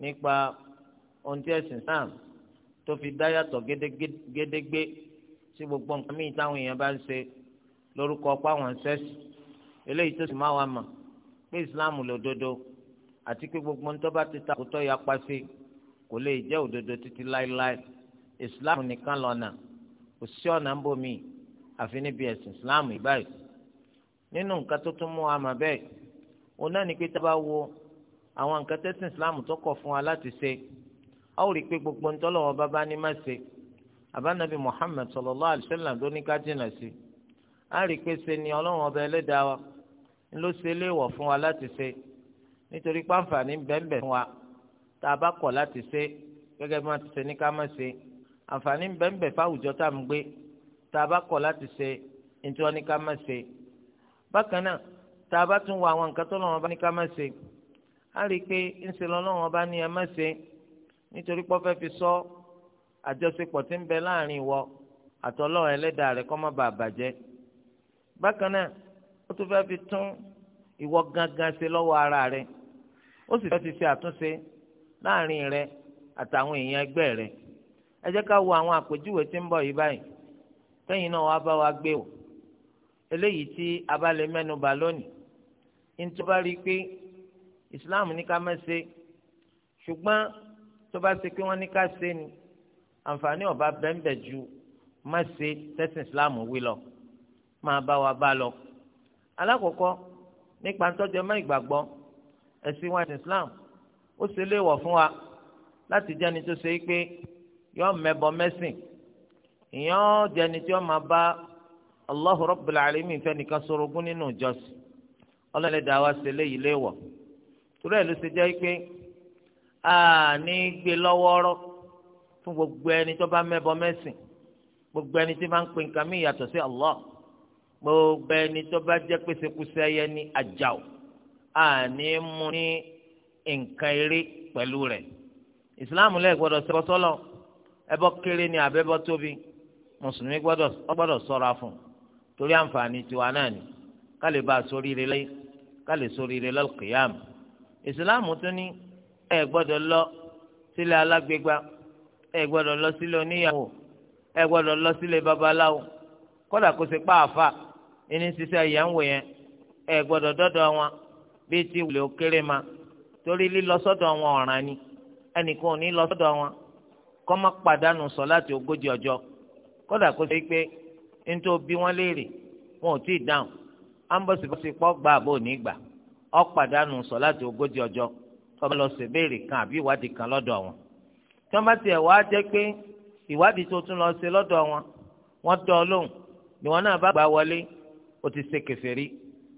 nípa ohun tí ẹ̀sìn Islam tó fi dá yàtọ̀ gédégbé sí gbogbo nǹkan míì táwọn èèyàn bá ń ṣe lórúkọ páwọn ṣẹ́ẹ̀sì eléyìí tó sì máa wà mà pé Islam lòdodo àti pé gbogbo ń tó bá ti ta kò tó ya pa sí kò lè jẹ́ òdodo títí láéláé Islam nìkan lọ́nà kò sí ọ̀nà ń bòmí àfi níbi ẹ̀sìn Islam ìgbà yìí nínú nǹkan tó tún mú wa mà bẹ́ẹ̀ òun náà ní pé tá a bá wo àwọn nǹkan tẹ́sìn islam tó kọ̀ fún wa láti ṣe a ó rí i pé gbogbo ń tọ́lọ́wọ́ bábá ní má ṣe àbánabi muhammed sallallahu alaihi wasallam tó ní ká jìnnà sí a rí i pé ṣe ni ọlọ́run ọba ẹlẹ́dàá wa ń ló ṣe léèwọ̀ fún wa láti ṣe nítorí pàǹfààní bẹ́ẹ̀nbẹ́ẹ̀ fún wa tá a bá kọ̀ láti ṣe gẹ́gẹ́ bí wọ́n ti ṣe ní ká má ṣe àǹfààní bẹ́ẹ̀nbẹ́ẹ̀ fáwùjọ tá à ń gbé tá a bá kọ̀ láti ṣe ní tí wọ́n ní ká má ṣe bákan náà tá a bá tún wọ àwọn nǹkan tó lọ́wọ́ bá ní ká má ṣe á rí i pé ńṣe lọ́lọ́run ọba ní ẹ má ṣe nítorí pọ́fẹ́ fi sọ àjọṣepọ̀ tí ń bẹ láàrin ìwọ àtọ́lọ́run ẹlẹ́dàá rẹ kọ́ má bàa bàjẹ́ bákan náà ó tún fẹ́ fi tún ìwọ gangan ṣe lọ́wọ́ ara rẹ ó sì fẹ́ ti ṣe àtúnṣe láàrin rẹ àtàwọn èèyàn ẹgbẹ́ rẹ ẹ jẹ́ ká wo àwọn àpèjúwe tí ń bọ̀ yìí báyìí kẹ́yìn náà wàá bá wa gbé o eléyìí tí a mẹ́nu bà lónìí ní tó bá rí i pé islam ní ká má ṣe ṣùgbọ́n tó bá ṣe pé wọ́n ní ká ṣe ni àǹfààní ọba bẹ́ńbẹ́ ju má tẹ́sán islam wí lọ máa bá wa bá lọ. alákọ̀ọ́kọ́ nípa ntọ́jú ẹ̀mọ́ ìgbàgbọ́ ẹ̀sìn wa islam ó ṣe léèwọ̀ fún wa láti jẹ́ni tó ṣe é pé yọ mẹ́bọ mẹ́sìn ìyẹn jẹ́ni tí wọ́n máa bá Allahu Rabbil Alamin fẹ́ nìkan sorogún nínú ìjọsìn ọlọ́lẹ́dàá wa ṣe léyìí léèwọ̀ torí ẹ̀ ló ṣe jẹ́ pé a ní gbé lọ́wọ́rọ́ fún gbogbo ẹni tó bá mẹ́bọ mẹ́sìn gbogbo ẹni tí máa ń pè nǹkan mí yàtọ̀ sí Allah gbogbo ẹni tó bá jẹ́ pèsèkúsẹ́ ẹyẹ ní ajáò a ní mú ní nǹkan eré pẹ̀lú rẹ̀ ìsìláàmù lẹ́ẹ̀ gbọ́dọ̀ ṣẹbọ sọ́lọ̀ ẹbọ kéré ni àbẹ́bọ tóbi mùsùlùmí gbọ́dọ̀ ṣọ́ra fún torí àǹfààní tiwa náà ni ká lè bá a sóríire lẹ́yìn ká lè sóríire lọ́kìyàmù ìsìláàmù tún ní ẹ gbọ́dọ̀ lọ sílé alágbègbà ẹ gbọ́dọ̀ lọ sílé oníyàwó ẹ gbọ́dọ̀ lọ sílé babaláwo kódà kó ṣe pa àfà ẹni ṣiṣẹ́ ìyàwó yẹn ẹ gbọ́dọ̀ dọ́dọ̀ wọn bíi ti wùlé òkèrè ma torí lílọ sọ́dọ̀ wọn ọ̀ràn ni ẹnìkan ò ní lọ sọ́dọ̀ wọn kó má pàdánù sọ̀láàtì ogójì ọjọ́ kódà kó ṣe pé nítorí bí wọ́n léèrè wọn ò tí ì dáhùn ambọ̀sibọ̀sì pọ̀ gbà àbò ní gbà ọ̀pàdánù sọ̀láàtì ogójì ọjọ́ tó bá lọ ṣèbéèrè kan àbí ìwádìí kan lọ́dọ̀ wọn. tí wọ́n bá wá jẹ́ pé ìwádìí tó tún lọ ṣe lọ́dọ̀ wọn wọ́n tọ́ lóhùn ni wọn náà bá gbà wọlé ó ti ṣe kèfèrí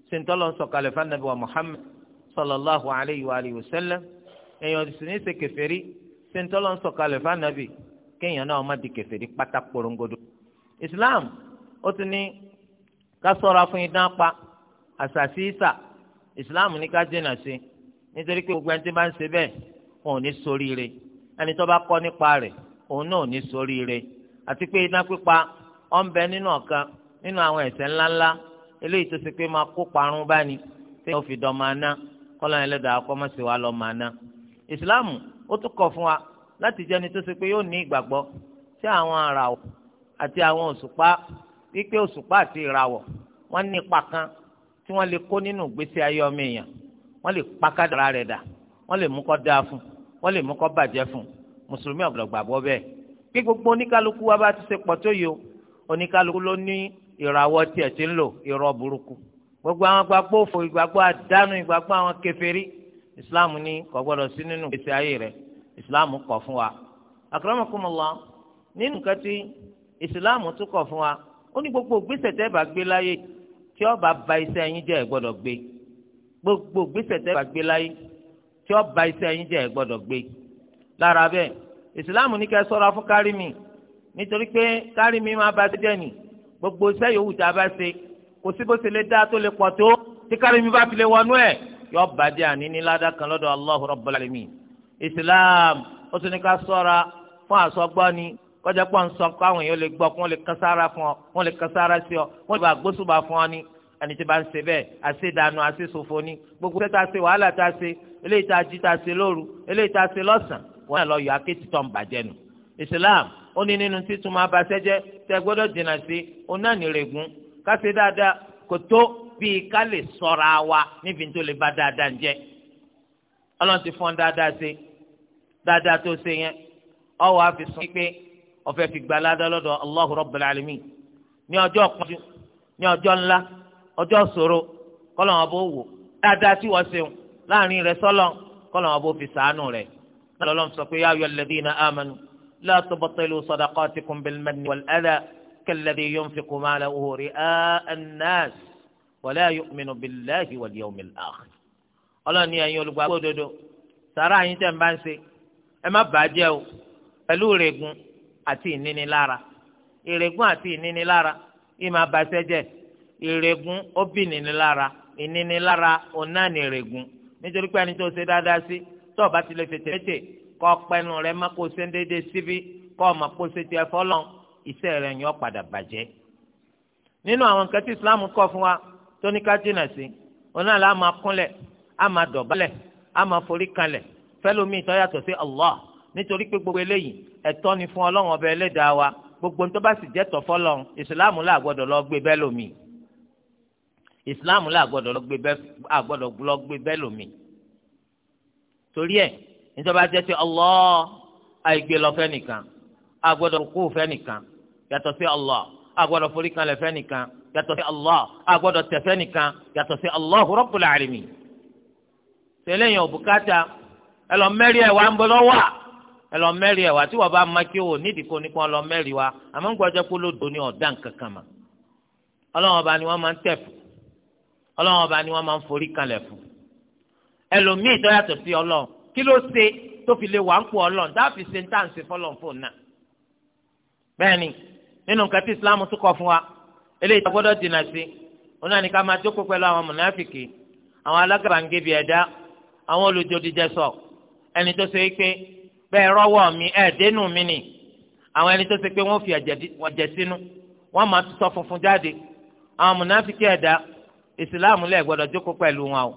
sèǹtọ́lọ́ sọ̀kalẹ̀ fanabi wa Muhammad sallallahu alayhi wa alihi wa sallam èèyàn sì ní ṣe kèfèrí sèǹtọ́lọ́ sọ̀kalẹ̀ fanabi kéèyàn náà má di kèfèrí pátá porongodo. Islam ó ti ní ká sọ̀rọ̀ fún idán pa àṣàṣì islam ní ká jìnnà sí nítorí pé gbogbo ẹni tí bá ń ṣe bẹ́ẹ̀ òun ò ní ṣoríire ẹni tó bá kọ́ nípa rẹ̀ òun náà ò ní ṣoríire àti pé iná pípa ọ̀ ń bẹ nínú ọ̀kan nínú àwọn ẹ̀ṣẹ̀ ńláńlá eléyìí tó ṣe pé máa kó parun báni tí wọ́n fi dán máa ná kọ́lá yẹn lẹ́dàá kọ́ mọ́sí wa lọ́ máa ná ìsìláàmù ó tún kọ̀ fún wa láti jẹni tó ṣe pé yóò ní ìgbàgbọ́ sí àwọn àràwọ̀ àti àwọn òṣùpá wípé òṣùpá àti ìràwọ̀ wọ́n ní ipa kan tí wọ́n lè kó nínú ìgbésí ayé ọmọ èèyàn wọ́n lè pakádàrà rẹ̀ dà wọ́n lè mú kó dáa fún wọ́n lè mú kó bàjẹ́ fún mùsùlùmí ọ̀gbọ̀dọ̀ gbàgbọ́ bẹ́ẹ̀ pé gbogbo oníkálukú wa bá ti ṣe pọ̀ tó yìí o oníkálukú ló ní ìràwọ̀ tiẹ̀ ti ń lò irọ́ burúkú gbogbo àwọn gbàgbọ́ òfò ìgbàgbọ́ àdánù ìgbàgbọ́ àwọn kèfèrí islam ní kò gbọ́dọ̀ sí nínú ìgbésí ayé rẹ̀ islam kọ̀ fún wa akramakumullah nínú nǹkan islam tún kọ̀ fún wa ó ní gbogbo ìgbésẹ̀ tẹ́ bá gbé láyé tí ó bá ba iṣẹ́ yín jẹ́ ẹ gbọ́dọ̀ gbé gbogbo gbèsè tẹ́ bá gbé láyé tí ó ba iṣẹ́ yín jẹ́ ẹ gbọ́dọ̀ gbé lára bẹ́ẹ̀ ìsìláàmù ní kẹ́ sọ́ra fún kárìmì nítorí pé kárìmì máa ba ti dẹ́nì gbogbo iṣẹ́ yòówù tá a bá ṣe kò sí bó ṣe lè dá tó lè pọ̀ tó tí kárìmì bá fi lè wọnú ẹ̀ yọ bàjẹ́ àníní ládàá kan lọ́dọ̀ Allahu Rabbul Alamin ìsìláàmù ó tún ní ká sọ́ra fún àsọgbọ́ni kọjá pọ̀ ń sọ pé àwọn èèyàn lè gbọ́ kó wọ́n lè kására fún ọ wọ́n lè kására sí ọ wọ́n lè bá gbósùbà fún ọ ní ẹni tí bá ń ṣe bẹ́ẹ̀ àṣedànù àṣesòfò ní gbogbo tẹ́ta ṣe wàhálà tá a ṣe eléyìí tá a jí tá a ṣe lóru eléyìí tá a ṣe lọ́sàn wọ́n lọ yọ akéètì tó ń bàjẹ́ nù Islam ó ní nínú títún máa ba sẹ́jẹ́ tẹ́ gbọ́dọ̀ dènà sí onánìrègùn káṣe dáadáa kò tó bíi ká lè sọ̀ra wa níbi tó lè bá dáadáa jẹ́ ọlọ́run ti fọ́n dáadáa ọ̀fẹ́ fi gba ládá lọ́dọ̀ Allahu Rabbil Alamin ní ọjọ́ pọ́njú ní ọjọ́ ńlá ọjọ́ ṣòro kọ́lọ́wọ́n bó wò dáadáa tí wọ́n ṣeun láàrin rẹ̀ sọ́lọ́ kọ́lọ́wọ́n bó fi sàánù rẹ̀ lọ́lọ́m sọ pé ya ayyuhal ladhina amanu la tubtilu sadaqatikum bil manni wal adha kalladhi yunfiqu malahu ri'a an-nas wa la yu'minu billahi wal yawmil akhir ọlọ́ni ẹ̀yin olùgbàgbọ́ òdodo sàrà yín àti ìnínilára ìrègùn àti ìnínilára ìmọ̀ àbàṣẹ́jẹ́ ìrègùn ó bí ìnínilára ìnínilára onáni ìrègùn nítorí pé ẹni tó ṣe dáadáa sí tó o bá ti lè fètèfètè kọ́ pẹ́nu rẹ má kó ṣe ń déédéé síbí kọ́ ọ má kó ṣe tiẹ̀ fọ́lọ́n iṣẹ́ rẹ̀ yàn padà bàjẹ́. nínú àwọn nǹkan tí Islam kọ́ fún wa tó ní ká jìnà sí onáàlà á kúnlẹ̀ á dọ̀bálẹ̀ á forí kanlẹ̀ fẹ́lómi tó sí Allah nítorí pé gbogbo eléyìí ẹ̀tọ́ ni fún ọlọ́run ọba ẹlẹ́dàá wa gbogbo ń tó bá sì jẹ́tọ̀ fọlọ́run ìsìláàmù là gbọ́dọ̀ lọ gbé bẹ́ẹ̀ lómi ìsìláàmù là gbọ́dọ̀ lọ gbé bẹ́ẹ̀ lómi torí ẹ̀ nítorí ajẹ́ ti Allah àìgbé lọ fẹ́ nìkan agbọ́dọ̀ kú fẹ́ nìkan yàtọ̀ sí Allah agbọ́dọ̀ forí kan lẹ̀ fẹ́ nìkan yàtọ̀ sí Allah agbọ́dọ̀ tẹ̀ fẹ́ nìkan yàtọ̀ sí Allahu Rabbul Alamin tẹ́lẹ̀ yẹn òbúkátà ẹ lọ mẹ́rí ẹ̀ wá ń bọ́ lọ́wọ́ à ẹ lọ mẹ́rin ẹ̀ wá tí wọ́n bá má o nídìí kó ní kó lọ mẹ́rin wa àmọ́ gbọ́dọ̀ pé lódò ní ọ̀dà kankan mà ọlọ́wọ́n ọba ni wọ́n máa ń tẹ̀ fún ọlọ́wọ́n ọba ni wọ́n máa ń forí kalẹ̀ fún ẹlòmíì tó yàtọ̀ sí ọlọ́run kí ló ṣe tó fi lè wà ń pò ọlọ́run tá fi ṣe ń tà ń ṣe fọlọ́n fò náà bẹ́ẹ̀ni nínú nǹkan tí islam tún kọ fún wa eléyìí tó gbọ́dọ̀ dènà sí òun náà ní ká máa jókòó pẹ̀lú àwọn mùnáfìkì àwọn alágàbàǹgebì ẹ̀dá àwọn olùjòdìjẹsọ ẹni tó ṣe é pé bẹ́ẹ̀ rọ́wọ́ mi ẹ̀ dénú mi nì àwọn ẹni tó ṣe pé wọ́n fi ẹ̀jẹ̀ sínú wọ́n máa tutọ́ funfun jáde àwọn mùnáfíkì ẹ̀dá ìsìláàmù lẹ̀ gbọ́dọ̀ jókòó pẹ̀lú wọn o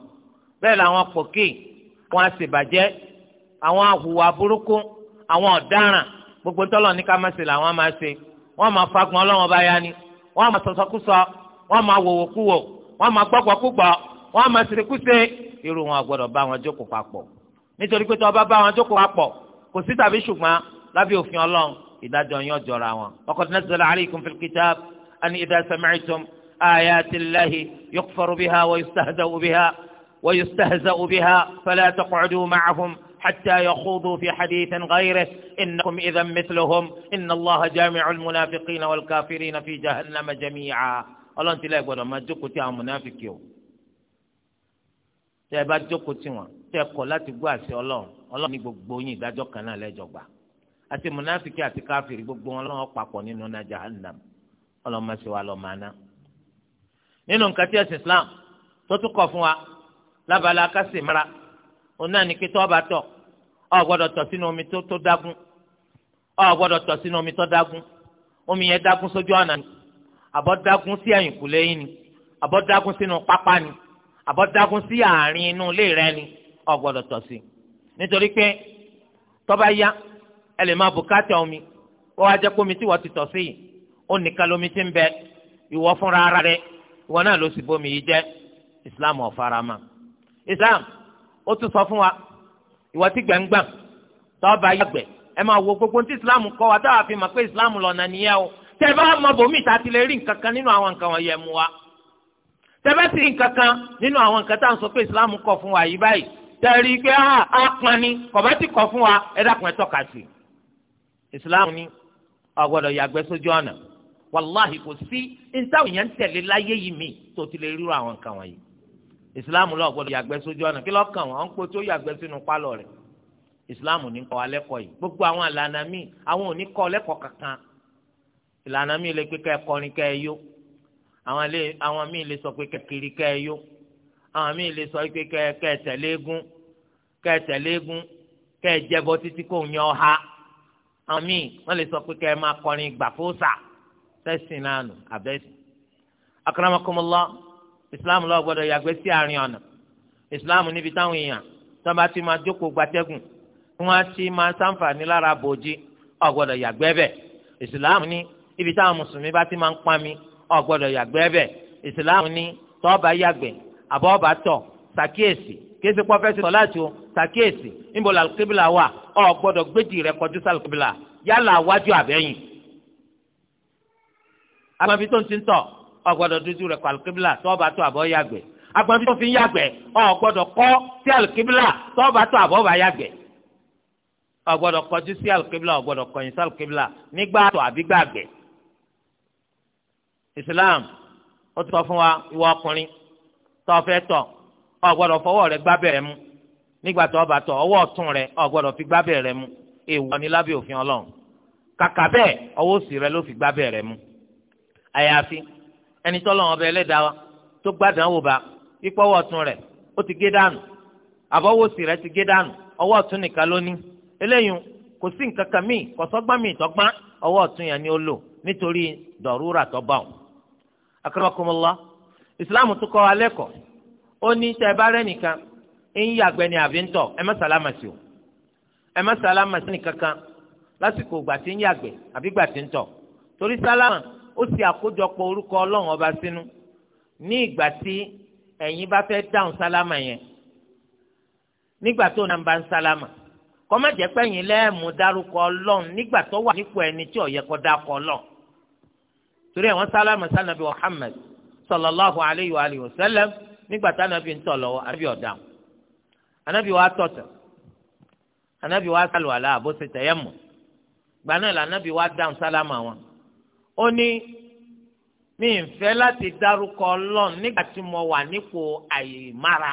bẹ́ẹ̀ làwọn pòkì wọn àṣebàjẹ́ àwọn àhùwà burúkú àwọn ọ̀daràn gbogbo tọ́lọ̀ ní ká má ṣe làwọn máa ṣe wọ́n máa fagbọn ọlọ́wọ́n bá yá ni wọ́n máa sọ̀sọ́kúsọ wọ́n máa wòwòkúwò wọ́n máa gbọ́gbọ́kúgbọ́ wọ́n máa ṣèlékúṣe irú wọn àgbọ̀dọ̀ bá wọn jókòó papọ̀ nítorí pé tí wọ́n bá bá wọn jókòó papọ̀ kò sí tàbí ṣùgbọ́n lábẹ́ òfin ọlọ́run ìdájọ́ yín ọjọ́ra wọn. ọkọ̀ tí nàzàlá alaykum fil kitab ani idha sami'tum ayati llahi yukfaru biha wa yustahza'u biha wa yustahza'u biha fala taq'udu ma'ahum حتى يخوضوا في حديث غيره إنكم إذا مثلهم إن الله جامع المنافقين والكافرين في جهنم جميعا الله أنت لا يقول ما جوكتي عن منافق يوم تبا جوكتي وان تقول لا تقوى سي الله ọlọ́run ní gbogbo yín ìdájọ́ kan náà lẹ́jọ́ gbà àti mùnáfíkì àti káfíìrì gbogbo wọn lọ́wọ́ papọ̀ nínú náà jahannam ọlọ́run má nínú nǹkan tí ẹ̀sìn Islam tó tún kọ̀ fún wa lábala kásì mara òun náà ní kí tọ́ bá tọ̀ ọ gbọ́dọ̀ tọ̀ sínú omi tó dágún ọ gbọ́dọ̀ tọ̀ sínú omi tó dágún omi yẹn dágún sójú ọ̀nà ni àbọ̀ dágún sí ẹ̀yìnkùlé yín ni àbọ̀ dágún sínú pápá ni àbọ̀ dágún sí àárín inú ilé rẹ ni ọ gbọ́dọ̀ tọ̀ sí i nítorí pé tọ́ba ya ẹ lè máa bùkátà omi kó wá jẹ́ kó omi tí wọ́n ti tọ̀ sí yìí ó nìkan lomi ti ń bẹ ìwọ fúnra ara rẹ ìwọ náà ló sì bomi yìí jẹ́ islam ọ̀farama islam ó tún sọ fún wa ìwọ tí gbẹ̀ngbà tọ́ba yàgbẹ́ ẹ máa wo gbogbo tí islam kọ́ wa táwa fi mọ̀ pé islam lọ́nà nìyẹn o tẹ́ bá mọ bòmí ìta ti lè rí nǹkan kan nínú àwọn nǹkan wọ̀nyẹn mu wa tẹ́bẹ́sì nǹkan kan nínú àwọn nǹkan tá sọ pé islam kọ̀ fún wa yìí báyìí tẹ̀rí pé ah, a pọn ni kọ̀bá ti kọ̀ fún wa ẹ dákun ẹ tọ́ka sí. ìsìláàmù ni ọ̀gbọ́dọ̀ yàgbẹ́ sójú ọ̀nà wàláhì kò sí ìtàwọn èèyàn ń tẹ̀lé láyé yìí mi tó ti lè ríro àwọn nǹkan wọ̀nyí. ìsìláàmù lọ ọ̀gbọ́dọ̀ yàgbẹ́ sójú ọ̀nà kí lọ́kàn wọn ń po tó yàgbẹ́ sínú pálọ̀ rẹ̀ ìsìláàmù ní kọ́ alẹ́kọ̀ọ́ yìí gbogbo àwọn ìlànà míì àwọn ò ní kọ́ lẹ́kọ̀ọ́ kankan ìlànà míì lè pé kẹ́ kọrin àwọn míì lè sọ pé kẹ́ kiri kẹ́ yó àwọn míì lè sọ pé kẹ tẹ̀lé eégún kẹ tẹ̀lé eégún kẹ jẹbọ títí kò yan ọ ha àwọn míì wọ́n lè sọ pé kẹ máa kọrin gbàfóòsà tẹ̀sìn náà nù àbẹ́sìn. akaramakomola islam lọ gbọ́dọ̀ yàgbẹ́ sí àárín ọ̀nà islam níbi táwọn èèyàn tó bá ti máa jókòó gbatẹ́gùn tí wọ́n á ti máa ṣàǹfààní lára bòójì ò yàgbẹ́ bẹ̀ islam ní ibi táwọn mùsùlùmí bá ti máa ń pami ò gbọ́dọ̀ yàgbẹ́ bẹ̀ islam ní tó yàgbẹ́ àbọ̀ọ̀bà tọ̀ sàkíyèsí kéésì pọ́ fẹ́ẹ́ sọ láti o sàkíyèsí níbo làlùkébìlà wà ọ gbọ́dọ̀ gbéjì rẹ kọjú sàlùkébìlà yálà wájú àbẹ́yìn. agbanfi tó ń ti ń tọ̀ ọ gbọ́dọ̀ dúdú rẹ kọ àlùkébìlà tọ́ọ̀bà tó àbọ̀ yàgbẹ́ agbanfi tó fi ń yàgbẹ́ ọ gbọ́dọ̀ kọ́ sí àlùkébìlà tọ́ọ̀bà tó àbọ̀ọ̀bà yàgbẹ́ ọ gbọ́dọ̀ kọjú sí àlùkébìlà ọ gbọ́dọ̀ kọ̀yìn sí àlùkébìlà nígbà tó àbí gbàgbẹ́ Islam ó ti sọ fún wa ìwọ ọkùnrin tó fẹ́ tọ̀ ọ gbọ́dọ̀ fọwọ́ rẹ gbábẹ́rẹ́ mu nígbà tó bá tọ̀ ọwọ́ ọ̀tún rẹ ọ gbọ́dọ̀ fi gbábẹ́rẹ́ mu èèwọ̀ ni lábẹ́ òfin Ọlọ́run kàkà bẹ́ẹ̀ ọwọ́ òsì rẹ ló fi gbábẹ́rẹ́ mu àyàfi ẹni tọ́lọ́run ọbẹ̀ ẹlẹ́dàá wa tó gbádàn wò bá pípọ́ ọwọ́ ọ̀tún rẹ ó ti gé dànù àbọ̀wọ́ òsì rẹ ti gé dànù ọwọ́ ọ̀tún nìkan ló ní eléyìí kò sí nǹkan kan míì kò sọ́gbọ́n míì tọ́gbọ́n ọwọ́ ọ̀tún yẹn ni ó lò nítorí ìsìláàmù tún kọ́ wa lẹ́kọ̀ọ́ ó ní ni àbí ń tọ̀ ẹ má o ẹ má sàlámà sí nìkankan lásìkò ìgbà tí ń yàgbẹ́ àbí ìgbà tí ń tọ̀ torí sálámà ó sì ọba sínú ní ìgbà tí ẹ̀yin bá fẹ́ dáhùn sálámà yẹn nígbà tó náà bá ń sálámà kó má jẹ́ ẹni tí dákọ ọlọ́run torí Muhammad sallallahu alayhi wa alihi wa sallam nígbà tá anabi ń tọ̀ lọ́wọ́ anabi ọ̀dà anabi wa tọ̀tọ̀ anabi wa sálùwàlá àbóṣe tẹ̀yẹ̀mù gbaná la anabi wa dáhùn sálámà wọn ó ní mi ń fẹ́ láti dárúkọ ọlọ́run nígbà tí mo wà nípò àìmára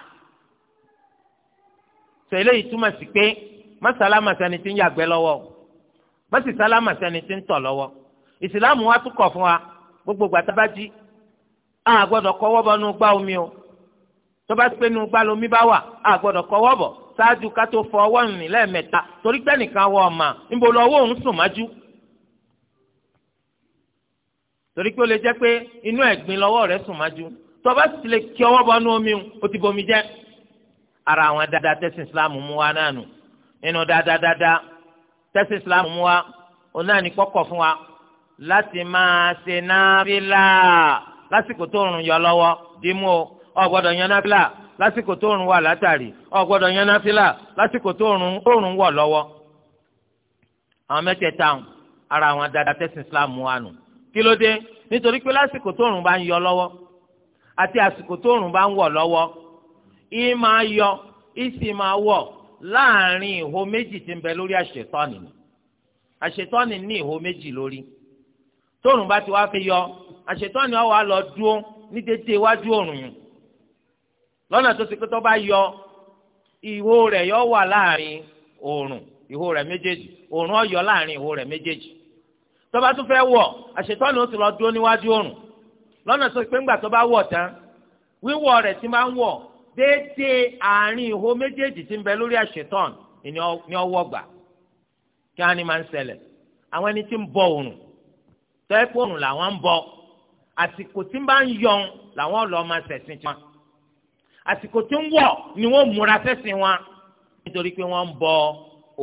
tẹ̀lé ìtumọ̀ sí pé má sálámà sani ti ń yàgbẹ́ lọ́wọ́ má sì sani ti ń tọ̀ lọ́wọ́ ìsìláàmù wa tún kọ̀ fún wa gbogbo gbàtà a gbọ́dọ̀ kọ́wọ́ bọ nu gbá omi o tó bá pé nu gbá lomi bá wà a gbọ́dọ̀ kọ́wọ́ bọ ṣáájú ká tó fọ ọwọ́ nì lẹ́ẹ̀mẹ́ta torí pé nìkan wọ ọmọ níbo lọ owó òun sùn májú torí pé ó lè jẹ́ pé inú ẹ̀gbin lọ́wọ́ rẹ̀ sùn májú tó bá sì lè kí ọwọ́ bọ nu omi o ó ti bomi jẹ́ ara àwọn dáadáa tẹ̀sí islam mú wa náà nù nínú dáadáa dáadáa tẹ̀sí islam mú wa òun náà ní kọ́kọ́ fún wa láti máa ṣe náà fi lásìkò tó rùn yọ lọ́wọ́ dìímú o ọ̀gbọ́dọ̀ yan náfìlà lásìkò tó rùn wà látàrí ọ̀gbọ́dọ̀ yan náfìlà lásìkò tó rùn òrùn wọ̀ lọ́wọ́. àwọn mẹ́tẹ̀ẹ̀ta ara àwọn dada tẹ́sán Islam wà nù kí ló dé nítorí pé lásìkò tó rùn bá ń yọ lọ́wọ́ àti àsìkò tó rùn bá ń wọ̀ lọ́wọ́ ìyí máa yọ ìsì máa wọ̀ láàrin ìhó méjì tí ń bẹ lórí àṣetọ́ni àṣetọ́ni ní ìhó méjì lórí tóòrùn bá ti wá fi yọ àṣetọ́ni ọ̀ wá lọ dúró ní dédé iwájú òrùn yìí lọ́nà tó ti pé tó bá yọ ìhó rẹ̀ yọ wà láàrin òrùn ìhó rẹ̀ méjèèjì òrùn ó yọ láàrin ìhó rẹ̀ méjèèjì tó bá tún fẹ́ wọ̀ àṣetọ́ni ó ti lọ dúró níwájú òrùn lọ́nà tó ti pé ńgbà tó bá wọ̀ tán wíwọ̀ rẹ̀ ti máa ń wọ̀ dédé àárín ìhó méjèèjì ti ń bẹ lórí àṣetọ́n ni ó wọ̀ gbà kí á ní máa ń ṣẹlẹ̀ àwọn ẹni tí ń bọ òrùn tẹ́kùn òrùn làwọn ń bọ àsìkò tí ń bá ń yọ̀n làwọn lọ́ọ́ máa ṣẹ̀sìn tiwọn àsìkò tí ń wọ̀ ni wọ́n múra ṣẹ̀sìn wọn nítorí pé wọ́n ń bọ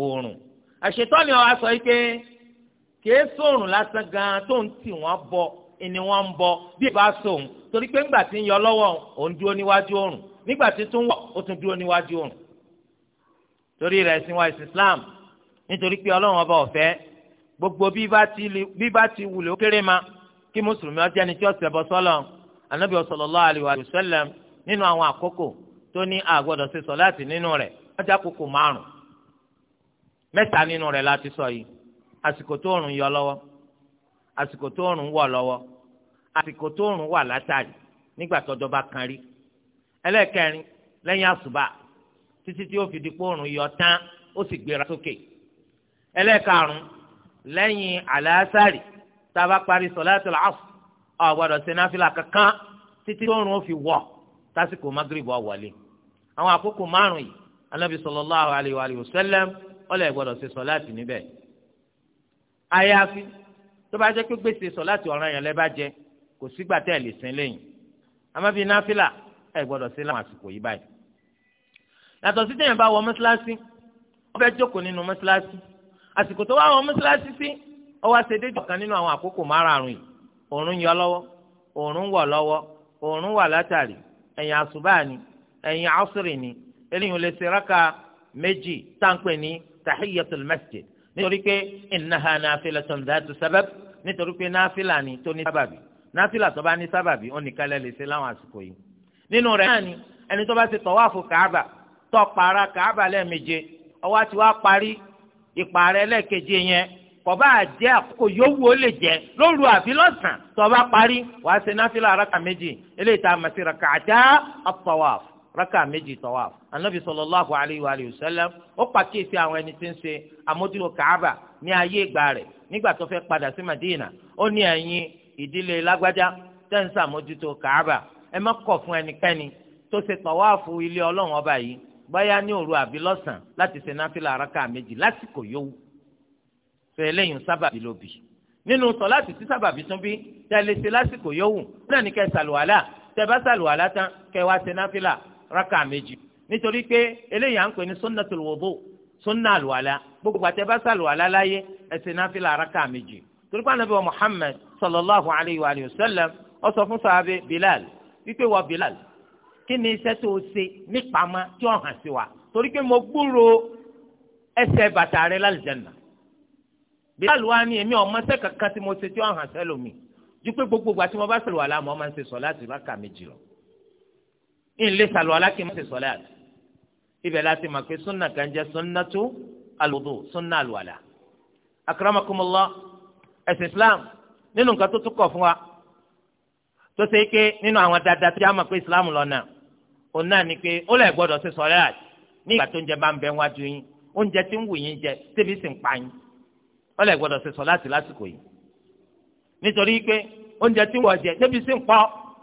oòrùn àṣetọ́ni ọ̀ aṣọ yìí pé kìí sóòrùn lásán gan tó ń tì wọ́n bọ ni wọ́n ń bọ bí ìbá sóòrùn torí pé ńgbà tí ń yọ lọ́wọ́ òun dúró níwájú oòrùn nígbà tí tún wọ̀ ó tún dúró níwájú oòrùn torí rẹ̀ ẹ̀sìn wa Islam nítorí pé Ọlọ́run ọba ọ̀fẹ́ gbogbo bí bá ti wulẹ̀ ó kéré ma kí mùsùlùmí ọtí ẹni tí ó ṣẹbọ sọ́lọ̀ anabi sallallahu alaihi wa sallam nínú àwọn àkókò tó ní àgbọ́dọ̀ sọ láti nínú rẹ̀ wọ́n já kókò márùn mẹ́ta nínú rẹ̀ láti sọ yìí àsìkò tó òrùn yọ lọ́wọ́ àsìkò tó òrùn wọ̀ lọ́wọ́ àsìkò tó wà látàrí nígbà tọ́jọ́ bá kan rí ẹlẹ́ẹ̀kẹrin lẹ́yìn àsùbà títí tí ó fi di pé yọ tán ó sì gbéra sókè ẹlẹ́ẹ̀karùn lẹ́yìn àlàásàrì tá a bá parí sọ̀láàtùl asr a gbọ́dọ̀ ṣe náfìlà kankan títí tó ń rún fi wọ̀ tásìkò magrib ọ̀ wọlé àwọn àkókò márùn yìí anabi sallallahu alayhi wa sallam ó lè gbọ́dọ̀ ṣe sọ̀láàtì níbẹ̀ àyàfi tó bá jẹ́ pé gbèsè sọ̀láàtì ọ̀ranyàn lẹ́ bá jẹ kò sígbà tẹ́ ẹ̀ lè sin lẹ́yìn àmọ́ bíi náfìlà ẹ̀ gbọ́dọ̀ sí láwọn àsìkò yìí yàtọ̀ sí téèyàn bá wọ mọ́ṣáláṣí ó jókòó nínú mọ́ṣáláṣí ó wá ṣe déjọ kan nínú àwọn àkókò márààrún yìí òòrùn yọ lọ́wọ́ òòrùn wọ̀ lọ́wọ́ òòrùn wà látàrí ẹ̀yìn àṣùbà ni ẹ̀yìn àṣùrì ni eléyìí lè ṣe rákà méjì táǹpẹ̀ ní tahiyatul masjid nítorí pé innaha nafilatun dhatu sabab nítorí pé náfìlà ni tó ní sábàbí náfìlà tó bá ní sábàbí ó nìkan lè ṣe láwọn àsìkò yìí nínú rẹ̀ náà ni ẹni tó bá ṣe tọ̀wáàfù kàábà tó para kàábà lẹ́ẹ̀méje ó wá wá parí ìpààrẹ̀ lẹ́ẹ̀keje yẹn kọba àjẹ àkókò yòówù ó lè jẹ lóru àbí lọ́sàn tó bá parí wàá ṣe náfìlà araka méjì eléyìí tá a mọ̀ sí raka àjá at-tawaf raka méjì tawaf anabi sallallahu alayhi wa alihi wa sallam ó pàkíyèsí àwọn ẹni tí ń ṣe àmójúlò kaaba ní ayé ìgbà rẹ̀ nígbà tó fẹ́ padà sí madina ó ní ẹ̀yin ìdílé lágbájá tẹ́ ń ṣàmójútó kaaba ẹ má kọ̀ fún ẹnikẹ́ni tó ṣe tawaf ilé ọlọ́run ọba yìí báyá ní òru àbí lọ́sàn láti ṣe náfìlà araka méjì lásìkò yòówù sọ eléyìí sábàbí ló bì nínú sọláàtì tí sábàbí tún bí tẹ́lẹ̀ ṣe lásìkò yòówù náà ní kẹ́ sàlùwàlà tẹ́ bá sàlùwàlà tán kẹ́ wá ṣe náfìlà rákà méjì nítorí pé eléyìí à ń pè ní sunnatul wudu sunna àlùwàlà gbogbo àti ẹ sàlùwàlà láyé ẹ náfìlà rákà méjì torí pé wa Muhammad sallallahu alayhi wa sallam ó sọ fún sàhábé Bilal wípé wọ Bilal kí ni iṣẹ́ tó o ṣe nípamọ́ tí ó hàn sí wa torí pé mo gbúròó ẹsẹ̀ bàtà rẹ lálùjánnà Bilal wa ni èmi ọmọ sẹ kankan tí mo ṣe tí wọn hàn sẹlómi ju pé gbogbo ìgbà tí mo bá sọlọ àlá mo máa ń ṣe sọ láti rákà méjì lọ ìlẹ sàlọ àlá kí n máa ṣe sọ láti ibẹ̀ láti máa pe sunna kan sunna tó alòdò sunna àlùwàlà akaramakumọlọ ẹsìn islam nínú nǹkan tó tún kọ fún wa tó ṣe ike nínú àwọn dáadáa tó jẹ àmọ́ pé islam lọ́nà òun náà ni pé ó lè gbọ́dọ̀ ṣe sọ láti ní ìgbà tó ń jẹ bá ń bẹ wájú yín oúnjẹ tí ń wù yín jẹ tẹbi sì ń pa yín wọ́n lè gbọ́dọ̀ ṣe sọ láti lásìkò yìí nítorí pé oúnjẹ tí wọ́n jẹ débi sí ń pọ́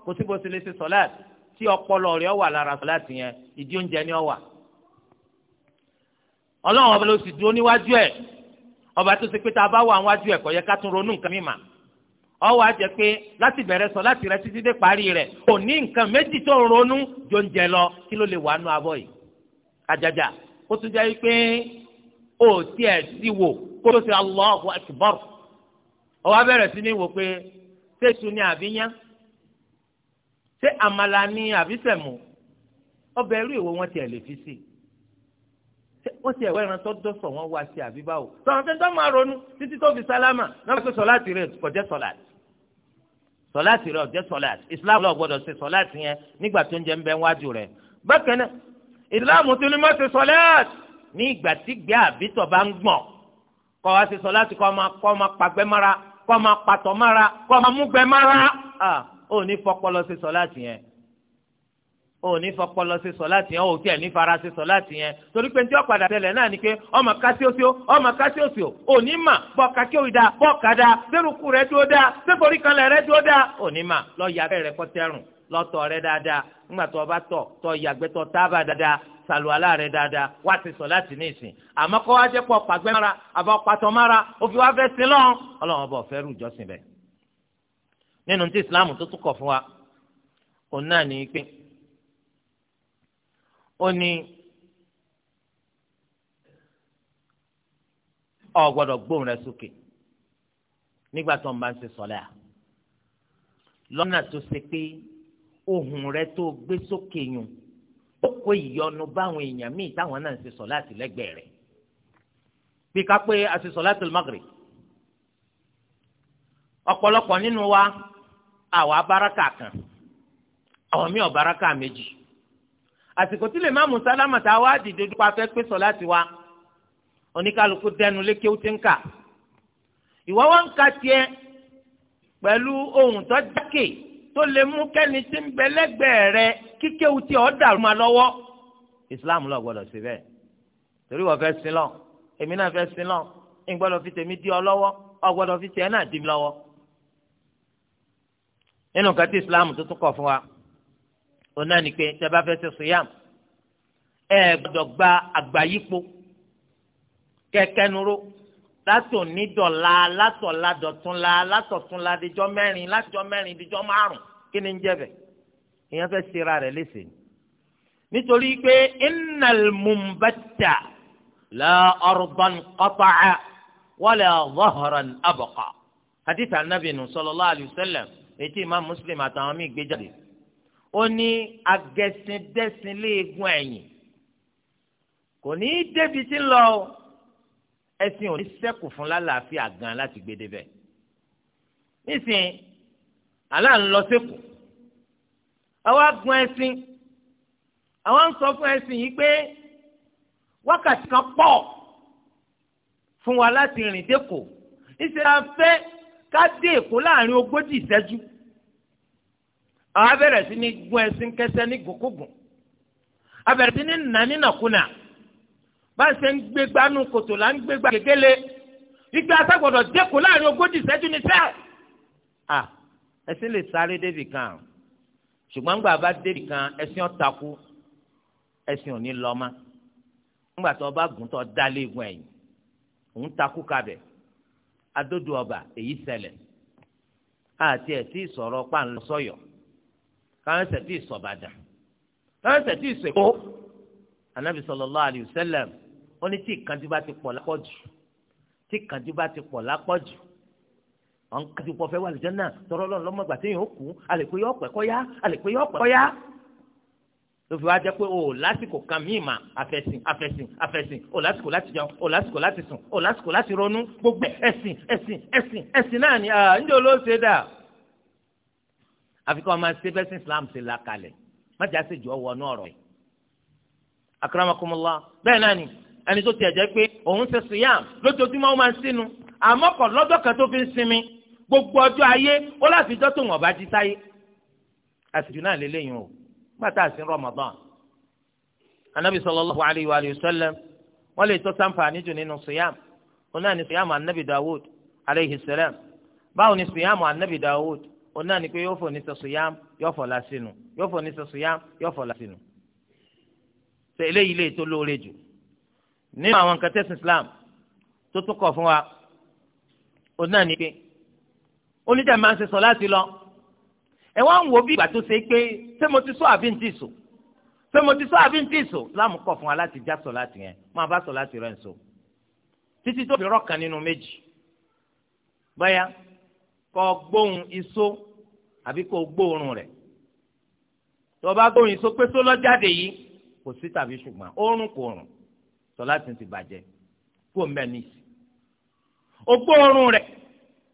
kò sí bó ṣe lè ṣe sọ láti tí ọpọlọ rẹ̀ wà lára sọ láti yẹn ìdí oúnjẹ ni ọ wà ọlọ́run ọba ló sì dúró níwájú ẹ̀ ọba tó ṣe pé tá a bá wà níwájú ẹ̀ kò yẹ ká tún ronú nǹkan mímà ọwọ́ àjẹ pé láti bẹ̀rẹ̀ sọ láti rẹ títí dé parí rẹ̀ kò ní nǹkan méjì tó ń ronú jọ ń lọ kí ló lè wà nú abọ́ yìí àjàjà ó tún jẹ́ pé ó tiẹ̀ sí wò kó tó ṣe Allahu akbar ó wá bẹ̀rẹ̀ sí ní wò pé ṣé iṣu ni àbí yán ṣé àmàlà ni àbí sẹ̀mù ọbẹ̀ irú ìwọ wọn tiẹ̀ lè fi sí wọ́n ti ẹ̀wọ́ ìrántọ́ dọ́sọ̀ wọn wá sí àbí báwo sọ̀rọ̀ tẹ́tọ́ máa ronú títí tó fi sálámà náà wọ́n pe sọ̀láàtì rẹ̀ kò jẹ́ sọ̀láàtì sọ̀láàtì rẹ̀ ọ̀jẹ́ sọ̀láàtì islam lọ́ọ̀ gbọ́dọ̀ ṣe sọ̀láàtì yẹn nígbà tó ń jẹ́ ń bẹ́ wájú rẹ̀ bákan náà islam tún ní má ṣe sọ̀láàtì ní ìgbà tí gbé àbítọ̀ bá ń gbọ̀n kọ́ wá sí sọ láti kọ́ máa kọ́ máa pàgbẹ́ mára kọ́ máa pàtọ́ mára kọ́ máa múgbẹ́ mára ó ní fọpọlọ sí sọ láti yẹn ó ní fọpọlọ sí sọ láti yẹn ó tiẹ̀ ní fara sí sọ láti yẹn torí pé tí ó padà tẹlẹ̀ náà ni pé ọmọ kásíọ́síọ́ ọmọ kásíọ́síọ́ ò ní mà bọ́ kakíọ́wì dá bọ́ kàdá sẹ́rùkù rẹ dúró dá sẹ́kọ̀rí kanlẹ̀ rẹ dúró dá ò ní mà lọ́ọ́ yàgbẹ́ rẹ kọ́ tẹ́rùn lọ́tọ̀ rẹ dáadáa ńgbà tó o bá tọ̀ tọ́ yàgbẹ́ tábà dáadáa sàlùwàlá rẹ dáadáa wá ti sọ láti ní ìsìn àmọ́ kọ́ wá jẹ́ pọ̀ pàgbẹ́ mara àbọ̀ pàtọ́ mara òfin wá fẹ́ sí lọ́n ọlọ́run ọba ọ̀fẹ́ rú ìjọsìn bẹ́ẹ̀. nínú tí islam tó tún kọ̀ fún wa òun náà ní pé ó ní ọ gbọ́dọ̀ gbóhùn rẹ sókè nígbà tó ń bá ń ṣe sọlẹ́ à lọ́nà tó ṣe pé ohùn rẹ tó gbé sókè yùn ó kó ìyọnu báwọn èèyàn míì táwọn náà ń ṣe sọ láti lẹ́gbẹ̀ẹ́ rẹ̀ bí ká pé a ṣe sọ láti Maghrib ọ̀pọ̀lọpọ̀ nínú wa àwa baraka kan àwọn míì ọ̀baraka méjì àsìkò tí lè má mú sálámà tá a wá dìde dúpọ̀ afẹ́ pé sọ láti wa oníkálukú dẹnu lékè ó ti ń kà ìwọ ń ka tiẹ̀ pẹ̀lú ohun tó dákè tó lè mú kẹ́ni tí ń bẹ lẹ́gbẹ̀ẹ́ rẹ kíkéwu tí ọ̀ dàrú ma lọ́wọ́ islam lọ gbọ́dọ̀ sí bẹ́ẹ̀ torí wọ́n fẹ́ sin lọ èmi náà fẹ́ sin lọ ń gbọ́dọ̀ fi tèmi dí ọ lọ́wọ́ ọ gbọ́dọ̀ fi tèmi náà dí mi lọ́wọ́ nínú nǹkan islam tó tún kọ̀ fún wa òun náà ni pé tẹ bá fẹ́ ṣe siyam ẹ gbọ́dọ̀ gba àgbáyípo kẹ́kẹ́ látòní dọ̀la látọ̀la dọ̀túnla látọ̀túnla dijọ́ mẹ́rin látijọ́ mẹ́rin dijọ́ márùn kí ni ń jẹ́ bẹ̀ ìyẹn fẹ́ sera rẹ̀ léṣe nítorí pé innal munbatta la ardan qata'a wala zahran abqa hadith anabi nu sallallahu alayhi wa muslim àtàwọn míì gbé jáde ó ní agẹsindẹsin léegun ẹ̀yìn kò ní í débi tí ń ẹ̀sìn ò ní sẹ́kù fún lálàáfíà gan láti gbé débẹ̀ nísìnyí aláàánú lọ sẹ́kù àwa gun ẹ̀sìn àwa ń sọ fún ẹ̀sìn yìí pé wákàtí kan pọ̀ fún wa láti rìn dẹ́kọ̀ níṣẹ́ la fẹ́ ká dé èkó láàrin ogójì ìṣẹ́jú àwa bẹ̀rẹ̀ sí ní gun ẹ̀sìn kẹsẹ́ ní gòkógùn a sí ní nà nínàkúnà bá a ṣe ń gbé gbanú kòtò là ń gbé gba gègéle ìgbà àtàgbọ̀dọ̀ dẹ́kun láàrin ogójì ìṣẹ́jú ni sẹ́ẹ̀. à ẹ̀sìn lè sáré débì kan ṣùgbọ́n ńgbà bá débì kan ẹ̀sìn ọ̀takú ẹ̀sìn òní lọ́mọ ńgbà tó bá gùn tó dálé egun ẹ̀yìn òun takú kabẹ̀ adódò ọba èyí ṣẹlẹ̀ àti ẹ̀sì ìsọ̀rọ̀ pàǹlọ́sọ̀yọ̀ káwọn ẹ̀sẹ̀ tí ì anabi sallallahu alayhi wa sallam ó ní tí ìkánjú bá ti pọ̀ lápọ̀jù tí ìkánjú bá ti pọ̀ lápọ̀jù àwọn kájú pọ̀ fẹ́ wà lìjẹ́ náà tọrọ lọ́nà lọ́mọgbà tí yóò kú àlèkò yóò pẹ́ kọ́ yá àlèkò yóò pẹ́ kọ́ yá lófi wá jẹ́ pé o lásìkò kan míì mà àfẹ̀sìn àfẹ̀sìn àfẹ̀sìn o lásìkò láti jẹun o lásìkò láti sùn o lásìkò láti ronú gbogbo ẹ̀sìn ẹ̀sìn ẹ̀sìn ẹ̀sìn náà ni ǹjẹ́ olóòṣè dà àfikún ọmọ ẹsẹ̀ bẹ́sìn Islam ṣe là kalẹ̀ má jẹ́ àṣejù ọwọ́ náà rọ̀ yìí akramakumullah bẹ́ẹ̀ náà ni ẹni tó tiẹ̀ jẹ́ pé òun ṣe siyam lójoojúmọ́ ó máa ń sínú àmọ́ kọ̀ lọ́jọ́ kan tó fi ń sinmi gbogbo ọjọ́ ayé ó láti jọ́ tó wọ́n bá jí sáyé àsìkò náà lélẹ́yìn o gbàtà sí Ramadan anabi sallallahu alayhi wa sallam wọ́n lè tó sáǹfààní jù nínú siyam òun náà ni siyam anabi dawud alayhi salam báwo ni siyam anabi dawud òun náà ni pé yóò fò ní sọ siyam yóò fò lásìnù yóò fò ní sọ siyam yóò fò lásìnù ṣe eléyìí lè tó lóore jù nínú àwọn nǹkan islam tó tún kọ̀ fún wa ó náà ní pé oníjà máa ń ṣe sọ láti lọ ẹ wá ń wo bí ìgbà tó ṣe pé ṣé mo ti sọ àbí ń tì sọ ṣé mo ti sọ àbí ń tì sọ islam kọ̀ fún wa láti já sọ láti yẹn máa bá sọ láti rẹ̀ ń sọ títí tó fi rọ̀kan nínú méjì báyà kọ́ gbóhùn iṣó àbí kò gbóòórùn rẹ̀ tó gbóhùn iṣó pé só lọ jáde yìí kò sí tàbí ṣùgbọ́n oorun kò rùn sọlá ti ti bàjẹ́ kó mbẹ́ níìsì. ògbó oorun rẹ̀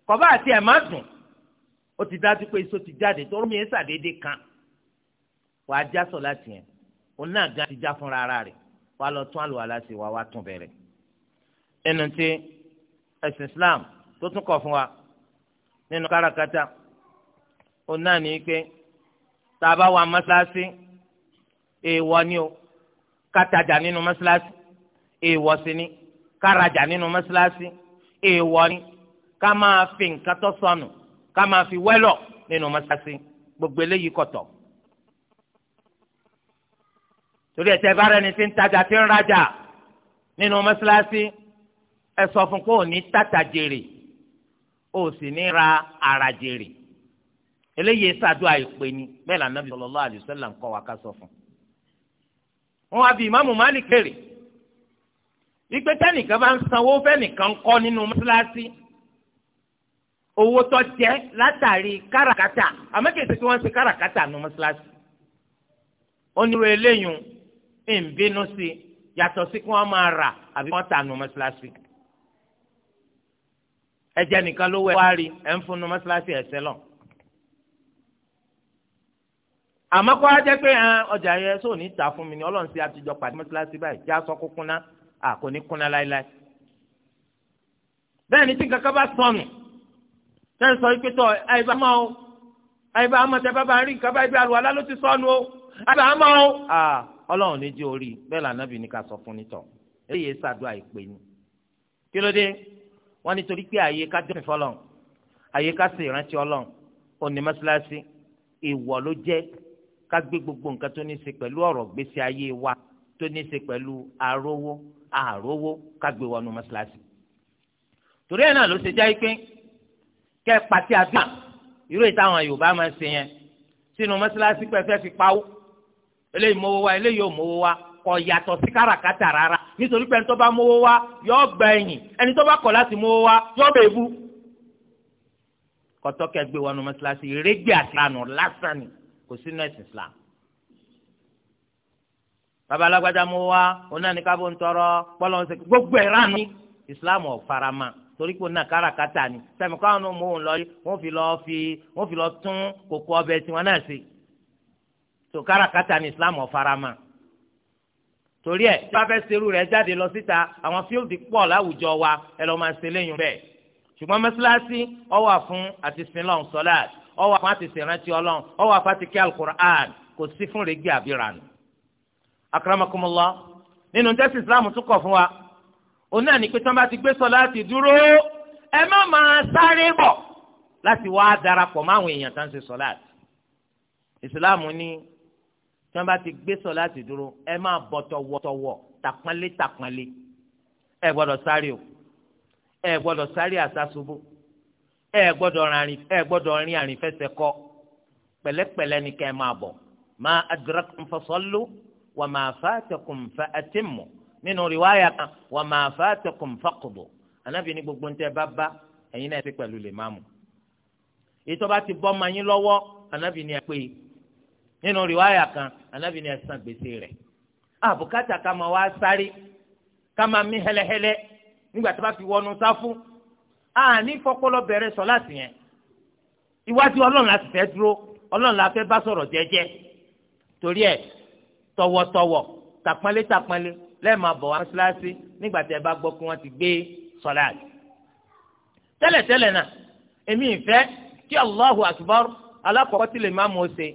kọ̀bá àti ẹ̀ má dùn ó ti dájú pé iṣó ti jáde tó rúmi ẹ̀ sàdédé kan wàá já sọlá tiẹ̀ òun náà gan ti já fúnra ara rẹ̀ wàá lọ tún àlùwàlá sí wa wàá tún bẹ̀rẹ̀. ẹnu tí ẹ̀sìn Islam tó tún kọ̀ fún wa nínú kárakáta òun náà ní pé tá a bá wà mọ́ṣáláṣí èèwọ̀ ni o kátàjà nínú mọ́ṣáláṣí èèwọ̀ sí ni kárajà nínú mọ́ṣáláṣí èèwọ̀ ni ká máa fi nǹkan tó sọnù ká máa fi wẹ́lọ̀ nínú mọ́ṣáláṣí gbogbo eléyìí kọ̀tọ̀. torí ẹ̀tẹ́ bára ẹni tí ń tajà tí ń rajà nínú mọ́ṣáláṣí ẹ sọ fún pé ò ní tàtà jèrè ò sì ní ra ara jèrè eléyìí ṣàdúrà ìpè ni bẹ́ẹ̀ lànà bí sallallahu alaihi wasallam ń kọ́ wa ká sọ fún un wọn wá bí ìmáàmù Malik léèrè wípé tẹnìkan bá ń sanwó fẹnìkan kọ́ nínú mọ́sálásí owó tó jẹ́ látàrí káràkátà àmọ́kèsè tí wọ́n ń ṣe káràkátà nínú mọ́sálásí onírú eléyìí ń bínú sí yàtọ̀ sí kí wọ́n máa rà àbí wọ́n tà nínú mọ́sálásí ẹ̀jẹ̀ nìkan lówó ẹ̀ wá rí ẹ̀ ń fún nínú mọ́sálásí ẹ̀sẹ̀ lọ́n àmọ́ kọ́ á jẹ́ pé ọjà yẹn sóò ní ta fún mi ni ọlọ́run sí àtijọ́ pàdé mọ́tíláṣí báyìí já sọ kó kúnná àkó ní kúnná láéláé. bẹ́ẹ̀ ni tí kankan bá sọnù tẹ́ ń sọ pé tọ́ àyíbá máa o àyíbá máa tẹ́ bábà ń rí nǹkan báyìí bí àlùwàlá ló ti sọnù o àyíbá máa o. ọlọ́run ní jẹ́ orí bẹ́ẹ̀ lànàbì ní ká sọ fún nítọ̀ eléyè sàdúrà ìpè ni. kí ló dé wọ́n nítorí pé àyè ká jẹ́ ìfọlọ́n àyè ká sì ìrántí ọlọ́run òní mọ́tíláṣí ìwọ ló jẹ́ ká gbé gbogbo nǹkan tó ní í ṣe pẹ̀lú ọ̀rọ̀ gbèsè ayé wa tó ní í ṣe pẹ̀lú arówó àrówó ká gbé wọnú mọ́ṣáláṣí. torí ẹ̀ náà ló ṣe jẹ́ pé kẹ́ ẹ pàṣẹ àdúrà irú ìtàwọn Yorùbá máa ń ṣe yẹn sínú mọ́ṣáláṣí pẹ̀fẹ́ fi pawó eléyìí mówó wa eléyìí ò mówó wa kò yàtọ̀ sí káràkátà rárá nítorí pé ẹni tó bá mówó wa yóò gbà ẹ̀yìn ẹni tó bá kọ̀ láti mówó wa yóò bẹ̀ bú kọ́tọ́kẹ́ gbé wọnú mọ́ṣáláṣí ìrégbè àti lásán ni kò sínú ẹ̀sìn islam babalágbádá mo wá oná ní kábò ń tọrọ pọlọ ń sèké gbogbo ẹ̀ ránù islam ò farama torí pé ọ̀nà káràkátà ni sẹ́mi káwọn ọmọ òun lọ wọ́n fi lọ fi wọ́n fi lọ tún kókó ọbẹ̀ tiwọn náà sí tó káràkátà ni islam ò farama torí ẹ̀ tí wọ́n fẹ́ serú rẹ̀ jáde lọ síta àwọn fíldì pọ̀ láwùjọ wa ẹ lọ́ọ́ máa ṣe léyìn bẹ́ẹ̀ ṣùgbọ́n mọ́ṣáláṣí ọwọ́ àfún àti sinlọ́ọ̀ sọ́láàtì ọwọ́ àfa ti ṣèrántí ọlọ́run ọwọ́ àfa ti kí alukur'an kò sí fún rẹ́gí àbíràn. akramakumullah nínú tẹ́sí islam tún kọ̀ fún wa òun náà ní pé tí wọ́n bá ti gbé sọ láti dúró ẹ má máa sáré bọ̀ láti wá darapọ̀ máwọn èèyàn tá ń ṣe sọ́láàtì islam ní tí wọ́n bá ti gbé sọ́láàtì dúró ẹ máa bọ̀ tọwọ́tọwọ́ tàpọ́nlé tàpọ́nlé ẹ gbọ́dọ̀ sáré o ẹ gbọ́dọ̀ sáré àsásubú ẹ gbọ́dọ̀ rin àrìnfẹsẹ̀ kọ pẹ̀lẹ́pẹ̀lẹ́ ni kẹ́ máa bọ̀ ma adrakum fasallu wa ma fatakum fa atimmu nínú riwaya kan wa ma fatakum faqdu anabi ní gbogbo ntẹ bá bá ẹ̀yin náà ti pẹ̀lú lè máa mú ètò bá ti bọ́ ọmọ lọ́wọ́ anabi ní ẹ pé nínú riwaya kan anabi ní ẹ san gbèsè rẹ̀ àbùkátà ká máa wá sáré kama máa mí hẹlẹhẹlẹ nígbà tí wọ́n fi wọnú sáfún àní fọpọlọ bẹ̀rẹ̀ sọ láti yẹn iwájú ọlọ́run láti fẹ́ dúró ọlọ́run la fẹ́ bá sọ̀rọ̀ jẹ́jẹ́ torí ẹ̀ tọ̀wọ̀tọ̀wọ̀ tàpọ́nlé tàpọ́nlé lẹ́ẹ̀ma bọ̀ wá síláṣí nígbà tí ẹ bá gbọ́ pé wọ́n ti gbé sọ̀láàtì. tẹ́lẹ̀tẹ́lẹ̀ náà èmi ìfẹ́ kí Allahu Akbar alákọ̀ọ́kọ́ tí lè má mú o ṣe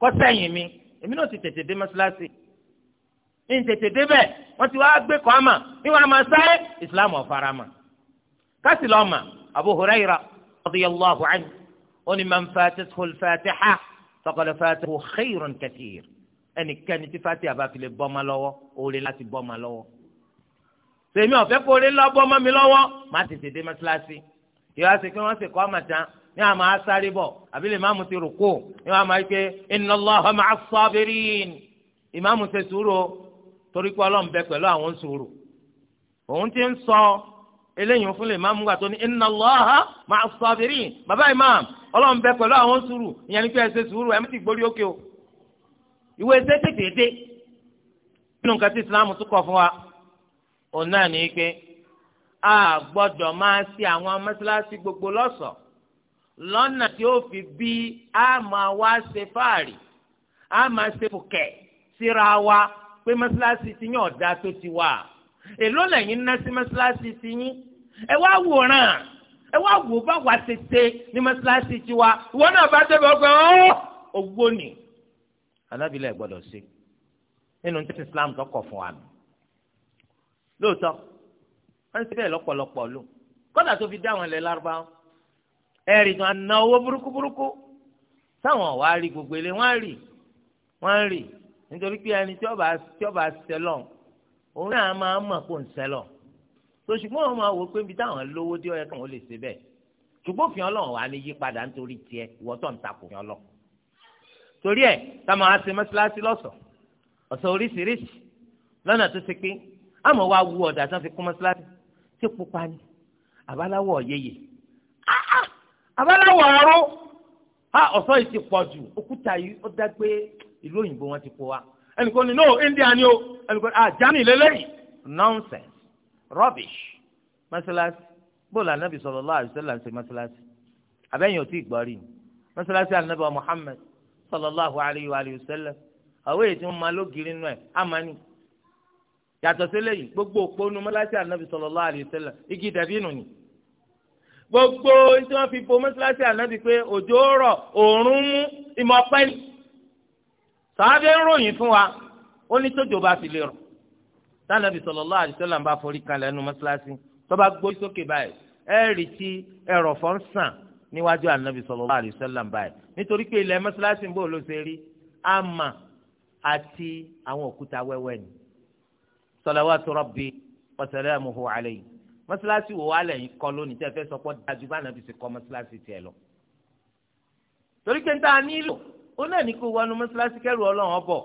kọ́ sẹ́yìn mi èmi náà ti tètè dé mọ́síláṣí. ní tètè débẹ̀ wọ́n ti wá gbé kọ́ àmà ní wọ́n á máa sáré ìsìlámù ọ̀farama kásì lọ́mà Abu Hurairah radiyallahu anhu ó ní man fatathu al-fatiha faqad fatahu khayran kathir ẹnikẹ́ni tí fatiha bá fi lè bọ́ ma lọ́wọ́ oore láti bọ́ ma lọ́wọ́ sèmi ọ̀fẹ́ kó oore lọ́ bọ́ ma mi lọ́wọ́ má tètè dé mẹ́tíláṣí yóò wá sí pé wọ́n sì kọ́ ọmọ tán ní àwọn máa sáré bọ̀ àbí lè máàmù ti rùkú ní àwọn máa ké inna Allaha ma'as sabirin ìmáàmù ṣe sùúrù torí pé ọlọ́run bẹ pẹ̀lú àwọn sùúrù òun ti ń sọ eléyìí fún lè máa mú wa tó ní inna Allaha ma'as sabirin bàbá imam ọlọ́run bẹ pẹ̀lú àwọn sùúrù ìyẹn ní pé ẹ ṣe sùúrù ẹ mẹ́tì gbórí òkè o ìwé ẹsẹ̀ tètè dé nínú nǹkan tí islam tún kọ fún wa òun náà ní pé a gbọ́dọ̀ máa ṣe àwọn mọ́ṣáláṣí gbogbo lọ́ṣọ̀ọ́ lọ́nà tí ó fi bí a máa wá ṣe fáàrí a máa ṣe fòkè síra wa pé mọ́ṣáláṣí ti yàn ọ̀dà tó ti wà èló lẹ́yìn ná sí mọ́ṣáláṣí ti yín ẹ wá wòran ẹ wá wò bá wà tètè ní mọ́ṣáláṣí ti wa ìwọ náà bá débẹ̀ ọgbẹ́ ọ́ ògbó ni anábìlẹ̀ gbọ́dọ̀ ṣe nínú tí Islam tó kọ̀ fún wa nù lóòótọ́ wọ́n ti bẹ́ẹ̀ lọ́pọ̀lọpọ̀ lò kọ́dà tó fi dá àwọn ilẹ̀ lárúbáwọ́ ẹ̀rì kan ná owó burúkú burúkú táwọn wàá rí gbogbo ilé wọ́n á rí wọ́n á rí nítorí pé ẹni tí ọba tí ọba ṣẹlọ́n òun náà máa mọ̀ kó ń sẹ́lọ̀ tó ṣùgbọ́n àwọn máa wò pé ibi táwọn lówó dé ọ̀yẹ́ káwọn lè ṣe bẹ́ẹ̀ ṣùgbọ́n òfin ọlọ́run wà ní yípadà nítorí tiẹ̀ ìwọ́tọ̀ ń takò fi ọlọ́ torí ẹ̀ táwọn á ṣe mọ́ṣáláṣí lọ́sọ̀ ọ̀sẹ̀ oríṣiríṣi lọ́nà tó ṣe pé àmọ́ wá wú ọ̀dà tán fi kún mọ́ṣáláṣí tí pupa ni àbáláwọ̀ yeye àbáláwọ̀ ọ̀rọ̀ ọ̀sọ́ yìí ti pọ̀ jù òkúta yìí ó dá pé ìlú òyìnbó wọn ti kó wa ẹnìkan no India ni o ẹnìkan ah Germany nonsense rubbish mọ́sálásí bóòlù anabi sallallahu alaihi wasallam ṣe mọ́sálásí abẹ́yìn ò tí ì gbọ́ rí mọ́sálásí anabi Muhammad sallallahu alaihi wa alihi wasallam àwọn èyí tí wọ́n máa lógiri nù ẹ̀ amani yàtọ̀ sí lẹ́yìn gbogbo òpónú mọ́sálásí anabi sallallahu alaihi wasallam igi dàbí nù ni gbogbo tí wọ́n fi bo mọ́sálásí anabi pé òjò rọ̀ òórùn mú ìmọ̀ pẹ́ẹ́lì sàábẹ́ ń ròyìn fún wa ó ní tójò bá ti lè rọ̀ tánàbì sallallahu alaihi wasallam bá forí kalẹ̀ ẹnu mọ́ṣáláṣí tó bá gbórí sókè báyìí ẹ rí tí ẹrọ̀fọ̀ ń sàn níwájú ànábì sallallahu alaihi wasallam báyìí nítorí pé ilẹ̀ mọ́ṣáláṣí ń bò ló ṣe rí àmà àti àwọn òkúta wẹ́wẹ́ ni salawatu rabbi wa salamuhu alayhi mọ́ṣáláṣí wò wá lẹ́yìn kọ́ lónìí tẹ́ fẹ́ dájú bá ànábì ṣe kọ́ mọ́ṣáláṣí tiẹ̀ lọ torí pé ń tá a nílò ó náà ní kó wọnú mọ́ṣáláṣí kẹrù ọlọ́run ọbọ̀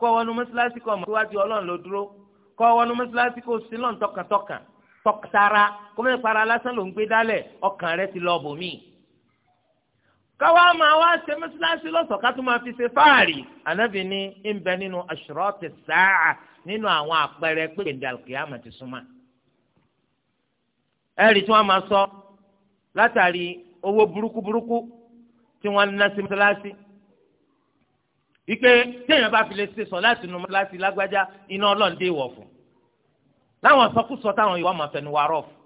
kó wọnú mọ́ṣáláṣí kó ọmọ síwájú ọlọ́run ló dúró kó wọnú mọ́ṣáláṣí kó sílọ̀ tọkàntọkàn tọkàtara kó mẹ́rin para lásán ló ń gbé dálẹ̀ ọkàn rẹ ti lọ bò mí. káwa máa wá ṣe mọ́ṣáláṣí lọ́sọ̀ọ́ ká máa fi ṣe fáàrí ànábì ní ń bẹ nínú ashrati sáà nínú àwọn àpẹẹrẹ pé gbèndàlùkìyàmà wípé téèyàn bá fi lè ṣe sọ láti nu láti lágbájá iná ọlọ́run dé ìwọ̀ fún láwọn sọkúsọ táwọn ìwà máa fẹnu wa rọ̀ fún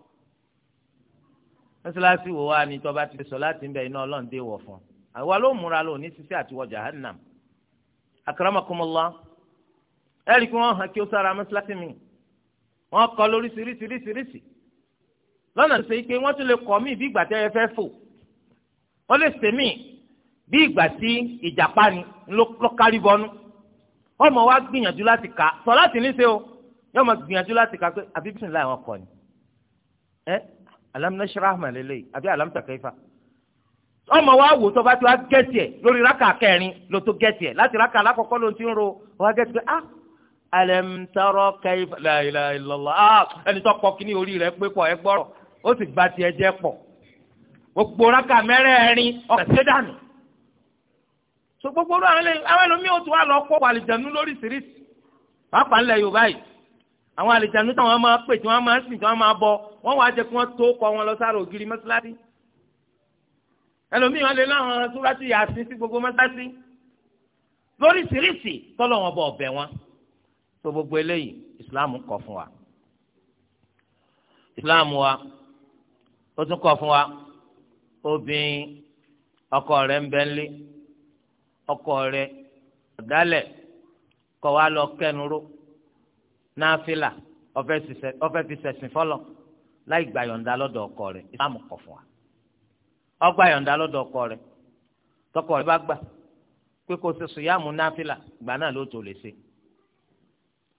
mọ́sálásí wo wá ní tọ́ba ti sọ láti ń bẹ iná ọlọ́run dé ìwọ̀ fún àwa ló múra lò ní sísẹ́ àti wọ jahannam akramakumullah ẹ̀rí kí wọ́n hàn kí ó sára mọ́sálásí mi wọ́n kọ́ lórí sírísírísírísì lọ́nà tó ṣe pé wọ́n tún lè kọ́ mí bí ìgbà tẹ́ bí ìgbà tí ìjàpá ni ló kárí bọnú ọmọ wa gbìyànjú láti kà sọ láti o yọọ ma gbìyànjú láti kà pé àbí bisimilayi wọn kọ ni ẹ alamina sirahama lele àbí alamita kẹfà ọmọ wa wò tó bá ti wá gẹ̀ẹ́sì ẹ̀ lórí rákà kẹrin ló tó gẹ̀ẹ́sì ẹ̀ láti rákà alákọ̀ọ́kọ́ ló ti ń ro wá gẹ̀ẹ́sì pé ah alam tara kayfa la ilaha illallah ah ẹni tó kọ kíní orí rẹ̀ pé pọ̀ ẹ gbọ́rọ̀ ó sì gba tiẹ̀ jẹ́ pọ̀ gbogbo rákà mẹ́rẹ̀ẹ̀rin ọ̀kẹ́ sẹ́dánù so gbogbo ọdún àwọn ẹlòmíì ó tún wà lọ kó àlìjẹnu lóríṣiríṣi pàápàá ńlẹ̀ Yorùbá yìí àwọn àlìjẹnu táwọn máa pè tí wọn máa sìn tí wọn máa bọ wọn wàá jẹ kí wọn tó kọ wọn lọ sára ògiri mọ́sálásí ẹlòmíì wọn lè láwọn súrásì Yásìn sí gbogbo mọ́sálásí lóríṣiríṣi tọ́lọ̀ wọn bọ ọ̀bẹ wọn so gbogbo eléyìí Islam kọ fún wa Islam wa ó tún kọ fún wa obìnrin ọkọ rẹ̀ ń bẹ́ńlé. ọkọ rẹ̀ ọ̀dálẹ̀ kọ́ wa lọ kẹnuró náfìlà ọ̀fẹ́ fi sẹ̀sìn fọlọ láì gba yọ̀ǹda lọ́dọ̀ ọkọ rẹ ìsìlámù kọ̀ fún wa ọgbà yọ̀ǹda lọ́dọ̀ ọkọ rẹ tọkọ rẹ bá gbà pé kó ṣe sùyàmù nafila gbà náà ló tó lè ṣe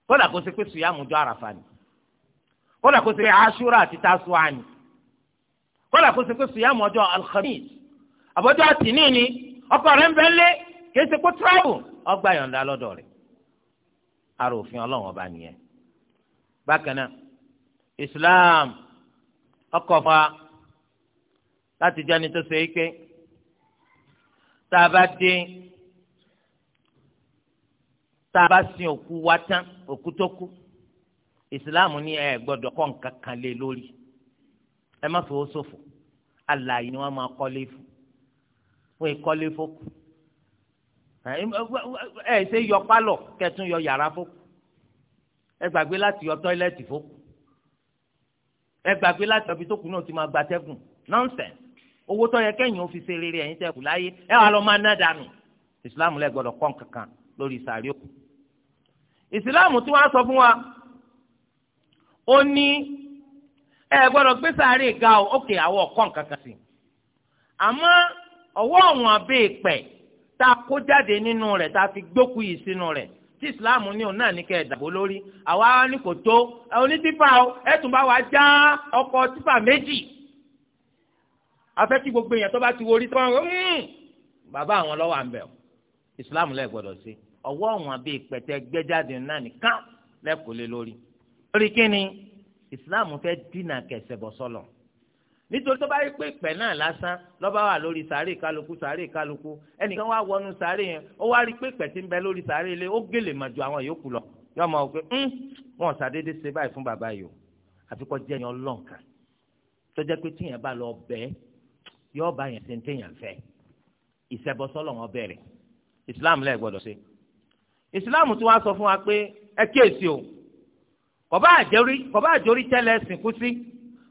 kódà kó ṣe pé sùyàmù jọ àràfà ni kódà kó ṣe pé aṣúra àti tásùá ni kódà kó ṣe pé sùyàmù ọjọ́ alhamis àbọ̀jọ́ àtìní ni ọkọ rẹ ń bẹ́ńlé kéésì kó travel ọgbà yọ̀ǹda lọ́dọ̀ rẹ̀ ara òfin ọlọ́run ọba nìyẹn bákan náà islam ọkọ̀ fa láti jẹ́ni tó ṣe é pé tá a bá dé tá a bá sin òkú wa tán òkú tó kú islam ní ẹ gbọ́dọ̀ kọ́ nǹkan kan lé lórí ẹ má fowó ṣòfò alààyè ni wọ́n máa kọ́lé fún wọ́n kọ́lé fókù ẹ ṣe yọ pálọ̀ kẹtún yọ yàrá fún ẹ gbàgbé láti yọ tọ́ílẹ̀tì fún ẹ gbàgbé láti ọbí tó kù náà ti máa gbatẹ́gùn nọ́ńsẹ̀nsì owó tó yẹ kẹ́yìn ó fi ṣe rere ẹ̀yin tẹ́ kù láyé ẹ wà lọ́ máa ná dànù ìsìláàmù lẹ gbọ́dọ̀ kọ́ kankan lórí sàárẹ̀ òkú ìsìláàmù tí wọ́n sọ fún wa ó ní ẹ gbọ́dọ̀ gbé sàárẹ̀ ga ọ òkè àwọn ọ̀kọ́ kankan sí àmọ́ ọwọ́ tá a kó jáde nínú rẹ̀ tá a fi gbókù yìí sínú rẹ̀ tí ìsìláàmù ní òun náà ní kẹ́ ẹ̀ dàbò lórí àwa ni kò tó oní tipa o ẹ tún bá wa já ọkọ tipa méjì afẹ́ tí gbogbo èèyàn tó bá ti worí tó bá wọn hmm, bàbá àwọn lọ́wọ́ à ń bẹ̀ o ìsìláàmù lẹ́ gbọ́dọ̀ sí ọwọ́ àwọn bíi pẹ̀tẹ́ gbẹ́jáde náà nìkan lẹ́kọ̀ọ́ lé lórí. lórí kí ni ìsìláàmù fẹ́ dínà kẹsẹ̀ bọ́ sọ́lọ̀ nítorí tó bá rí pé pẹ̀ náà lásán lọ́ba wà lórí sàárè kálukú sàárè kálukú ẹnìkan wá wọnú sàárè yẹn ó wá rí pé pẹ̀ tí ń bẹ lórí sàárè ilé ó gèlè mà ju àwọn yòókù lọ yóò máa wò pé ń wọn ṣàdédé ṣe báyìí fún bàbá yìí o àfikọ́ jẹ́ yẹn ọlọ́ǹkà tó jẹ́ pé tíyẹn bá lọ bẹ́ẹ̀ yóò bá yẹn ṣe ń téyàn fẹ́ ìṣẹ́bọsọ́lọ̀ wọn bẹ̀rẹ̀ ìsìláàmù lẹ́ẹ̀ gbọ́dọ̀ ṣe ìsìláàmù tí wọ́n sọ fún wa pé ẹ kíyèsí o kọ̀bá àjẹrí kọ̀bá àjẹrí tẹ́lẹ̀ sìnkú sí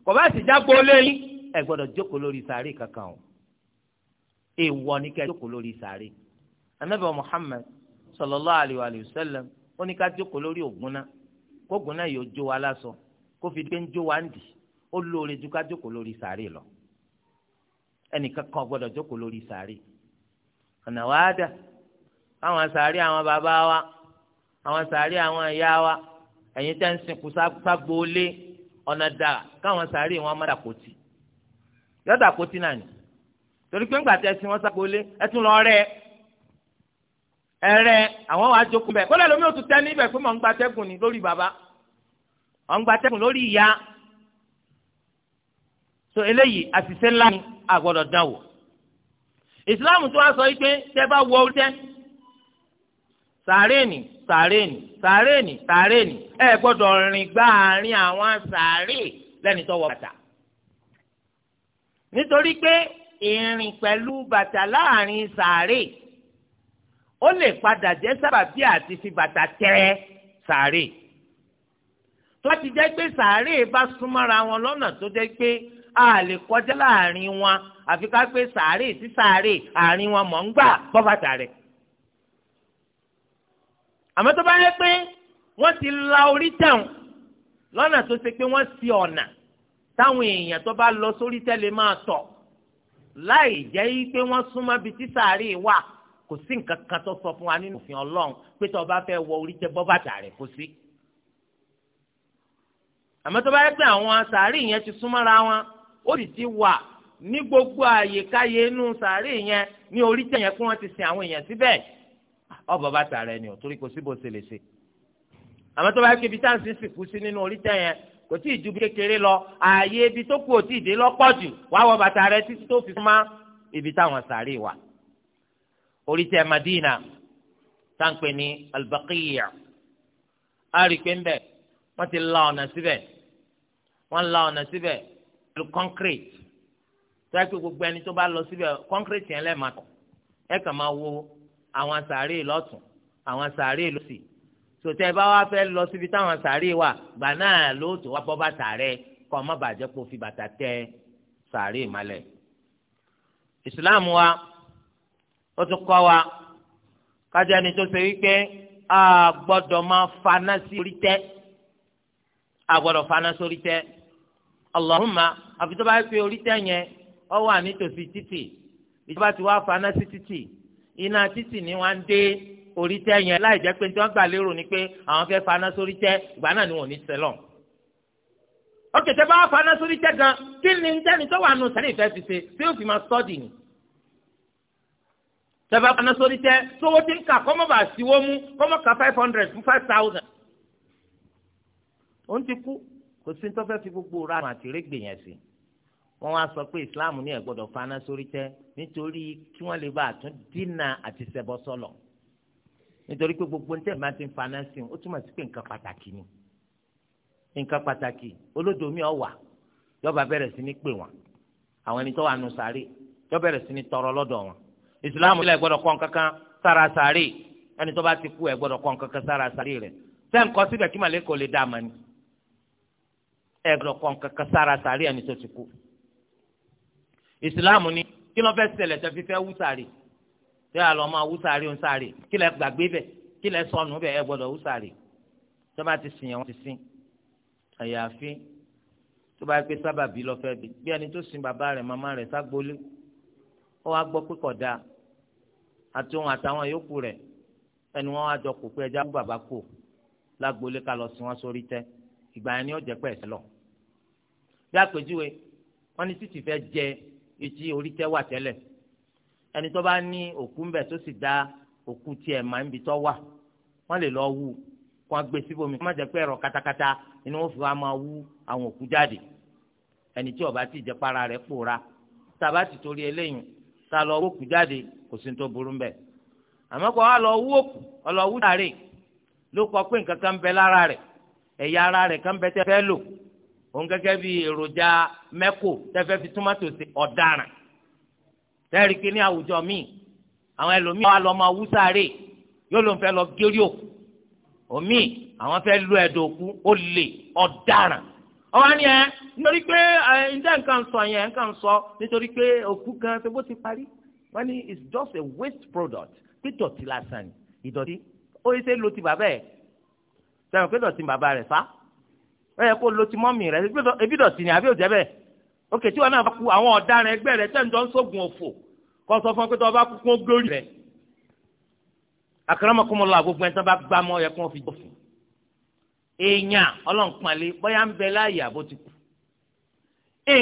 kò bá sì já gbolé yín ẹ gbọ́dọ̀ jókòó lórí sàárè kankan o èèwọ̀ ni kẹ́ jókòó lórí sàárè anabi muhammed sallallahu alayhi wa sallam ó ní ká jókòó lórí ògúnná kó ògúnná yìí ó jó wa lásọ kó fi dé ń jó wa ń dì ó lóore ju ká jókòó lórí sàárè lọ ẹnìkan kan jókòó lórí sàárè ọ̀nà wa dà àwọn sàárè àwọn bàbá wa àwọn sàárè àwọn ìyá wa ẹ̀yin tẹ́ ń sìnkú ságbóolé. Sa ọ̀nà dára káwọn sàárè wọn má dàkótì yọ dàkótì náà ni torí pé ńgbà tẹ sí wọn sápolé ẹ tún lọ rẹ ẹ rẹ àwọn wàá jókòó bẹ kọ́lẹ́ lómi ò tún tẹ́ pé mọ̀ ń gbatẹ́gùn ni lórí bàbá ọ̀ ń gbatẹ́gùn lórí ìyá so eléyìí àṣìṣe ńlá ni àgbọ̀dọ̀ dán wò ìsìláàmù tó wá sọ yìí pé tẹ́ bá wọ orí tẹ́ sàárèènì sàárèènì sàárèènì sàárèènì ẹ gbọ́dọ̀ rìn gbáàárín àwọn sàárè lẹ́ni tó wọ bàtà nítorí pé ìrìn pẹ̀lú bàtà láàrin sàárè ó lè padà jẹ́ sábàbí àti fi bàtà tẹ́ sàárè tó ti jẹ́ pé sàárè bá súnmọ́ra wọn lọ́nà tó jẹ́ pé a lè kọjá láàrin wọn àfi ká pé sàárè sí sàárè àárín wọn mọ̀ ń gbà bọ́ bàtà rẹ̀ àmọ́ tó bá yẹ pé wọ́n ti la orí tẹ̀hún lọ́nà tó ṣe pé wọ́n ṣì ọ̀nà táwọn èèyàn tó bá lọ sórí tẹ́lẹ̀ máa tọ̀ láì jẹ́ pé wọ́n súnmọ́ bíi tí sàárè wà kò sí nǹkan kan tó sọ fún wa nínú òfin ọlọ́run pé tó o bá fẹ́ wọ orí tẹ bọ́ bàtà rẹ̀ kò sí. àmọ́ tó bá yẹ pé àwọn sàárè yẹn ti súnmọ́ra wọn ó sì ti wà ní gbogbo àyèkáyé inú sàárè yẹn ní orí tẹ kí wọ́n ti sin àwọn èèyàn síbẹ̀ ọ̀bọ̀ bàtà rẹ ni ò torí kò síbò ṣe lè ṣe. àmọ́ tó bá yẹ kó ibi táǹsì sìnkú sí nínú orí tẹ̀ yẹn kò tí ì ju kékeré lọ ààyè ibi tó kù ò tí ì dé lọ́pọ̀ jù wá wọ bàtà rẹ títí tó fi má ibi táwọn sàárè wà. orí tẹ Madina táǹpẹ̀ ní albaqiya a pé ń bẹ̀ ti la ọ̀nà síbẹ̀ wọ́n la ọ̀nà síbẹ̀ pẹ̀lú kọ́ńkírẹ́tì tó yẹ kó gbogbo ẹni tó bá lọ síbẹ̀ kọ́ńkírẹ́tì yẹn lẹ́ẹ̀ma ẹ kàn máa wo àwọn sàárè lọ́tún àwọn sàárè lọ́sì sòtẹ́ bá wá fẹ́ lọ síbi táwọn sàárè wà gbà náà ló tó wá bọ́ bàtà rẹ kọ́ má bàjẹ́ kó fi bàtà tẹ sàárè malẹ̀. ìsìláàmù wa ó tún kọ́ wa kájà tó ṣe wípé a gbọ́dọ̀ máa faná sí tẹ́ a gbọ́dọ̀ faná sórí tẹ́ Allahumma àfi tó bá fi orí tẹ́ yẹn ọ wà nítòsí títì ìjọba ti wá faná sí títì iná títì ni wọ́n á dé orí tẹ́ yẹn láì jẹ́ pé tí wọ́n gbà lérò ni pé àwọn fẹ́ faná sórí tẹ́ ìgbà náà ni wọ́n ní sẹ́lọ̀. ó kẹ̀tẹ́ bá wà faná sórí tẹ́ gan kí ni tẹ́ni tó wà nù sẹ́ni ìfẹ́ fi ṣe tí yóò fi máa sọ́ọ̀dì ni. tẹ́fẹ́ faná sórí tẹ́ sówó ti ń kà kọ́mọ́ bá síwó mú kọ́mọ́ ka five hundred fún five thousand. ó ń ti kú kò sí ní tó fẹ́ fi gbogbo ra àtìrégbè yẹn sí i wọ́n wá sọ pé islam ní ẹ gbọ́dọ̀ fana sórí tẹ́ nítorí kí wọ́n lè bá àtún dínà àti ṣẹbọ sọlọ nítorí pé gbogbo níta máa ti ń fana sí i ó túmọ̀ sí pé nǹkan pàtàkì ni nǹkan pàtàkì olódò mi ọ̀wà yọba bẹ̀rẹ̀ sí ní pè wọ́n àwọn ẹni tó wà nù sáré yọba bẹ̀rẹ̀ sí ní tọrọ lọ́dọ̀ wọn islam ní ẹ gbọ́dọ̀ kọ́ nǹkankan sára sáré ẹni tó bá ti kú ẹ kọ́ nǹkankan sára sáré rẹ̀ sẹ́ǹ kọ́ síbẹ̀ kí màlẹ́kọ̀ọ́ lè dá a ni ẹ kọ́ nǹkankan sára sáré ẹni tó ti kú ìsìláàmù ni kí ló fẹ́ ṣẹlẹ̀ tẹ́ fi fẹ́ wú sàárè tẹ́ àlọ́ máa wú sàárè ń sàárè kí lẹ gbàgbé bẹ̀ kí lẹ sọnù bẹ̀ ẹ gbọ́dọ̀ wú sàárè tó bá ti sìn yẹn wọ́n ti sìn àyàfi tó bá gbé sábàbí lọ fẹ́ bi bí ẹni tó sin bàbá rẹ̀ màmá rẹ̀ ságbólé ó wá gbọ́ pé kọ̀dá àtòun àtàwọn yòókù rẹ̀ ẹni wọn wá jọ kó pé ẹja kú bàbá kò lágbólé ká lọ sin wọn sórí tẹ́ ìgbà yẹn ni ó jẹ́ pẹ́ ẹ̀sẹ̀ lọ bí àpèjúwe wọn ní títì fẹ́ jẹ́ etí orí tẹ́ wà tẹ́lẹ̀ ẹni tó bá ní òkú ń bẹ tó sì da òkú tiẹ̀ máa ń bi tọ́ wà wọ́n lè lọ wú kó wọ́n gbé síbòmí kó má jẹ́ pé ẹ̀rọ katakata inú wọn fi wá máa wú àwọn òkú jáde ẹni tí ó bá ti jẹ́ para rẹ̀ pòórá tàbá ti torí eléyìí tá a lọ wó òkú jáde kò sí tó burú ń bẹ àmọ́ wá lọ wú òkú ọlọ́wú dàrí ló kọ pé nǹkan kan bẹ lára rẹ̀ ẹ̀yà ara rẹ̀ kan bẹ tẹ́ fẹ́ lò òun gẹ́gẹ́ bí èròjà mẹ́kò tẹ́fẹ́ fi tómátò sí ọ̀daràn tẹ́rì kí ní àwùjọ míì àwọn ẹlòmíì wà lọ máa wú sáré yóò ló ń fẹ́ lọ gérí òkú òmíì àwọn fẹ́ lu ẹ̀dọ̀ òkú ó lè ọ̀daràn ọwọ́ ni ẹ nítorí pé ǹjẹ́ nǹkan sọ yẹn nǹkan sọ nítorí pé òkú kan ṣe bó ti parí wọ́n ní it's just a waste product pé dọ̀tí lásán ni ìdọ̀tí ó ṣe é lo ti bàbá ẹ̀ sẹ́wọ̀n pé dọ̀tí bàbá rẹ̀ fa ó yẹ kó lo ti mọ́mì rẹ ebi dọ̀tí ni àbí òjẹ́ bẹ́ẹ̀ òkè tí wọn náà bá ku àwọn ọ̀daràn ẹgbẹ́ rẹ tẹ́ǹtọ́ ń sógun òfò kọ́ sọ fún ọ pé tó o bá kú kó glory rẹ akaramakumọlọ agbogbo ẹni tó bá gbá mọ yẹ kó wọn fi jọ fún èèyàn ọlọ́nkpali bóyá ń bẹ láàyè àbó ti kú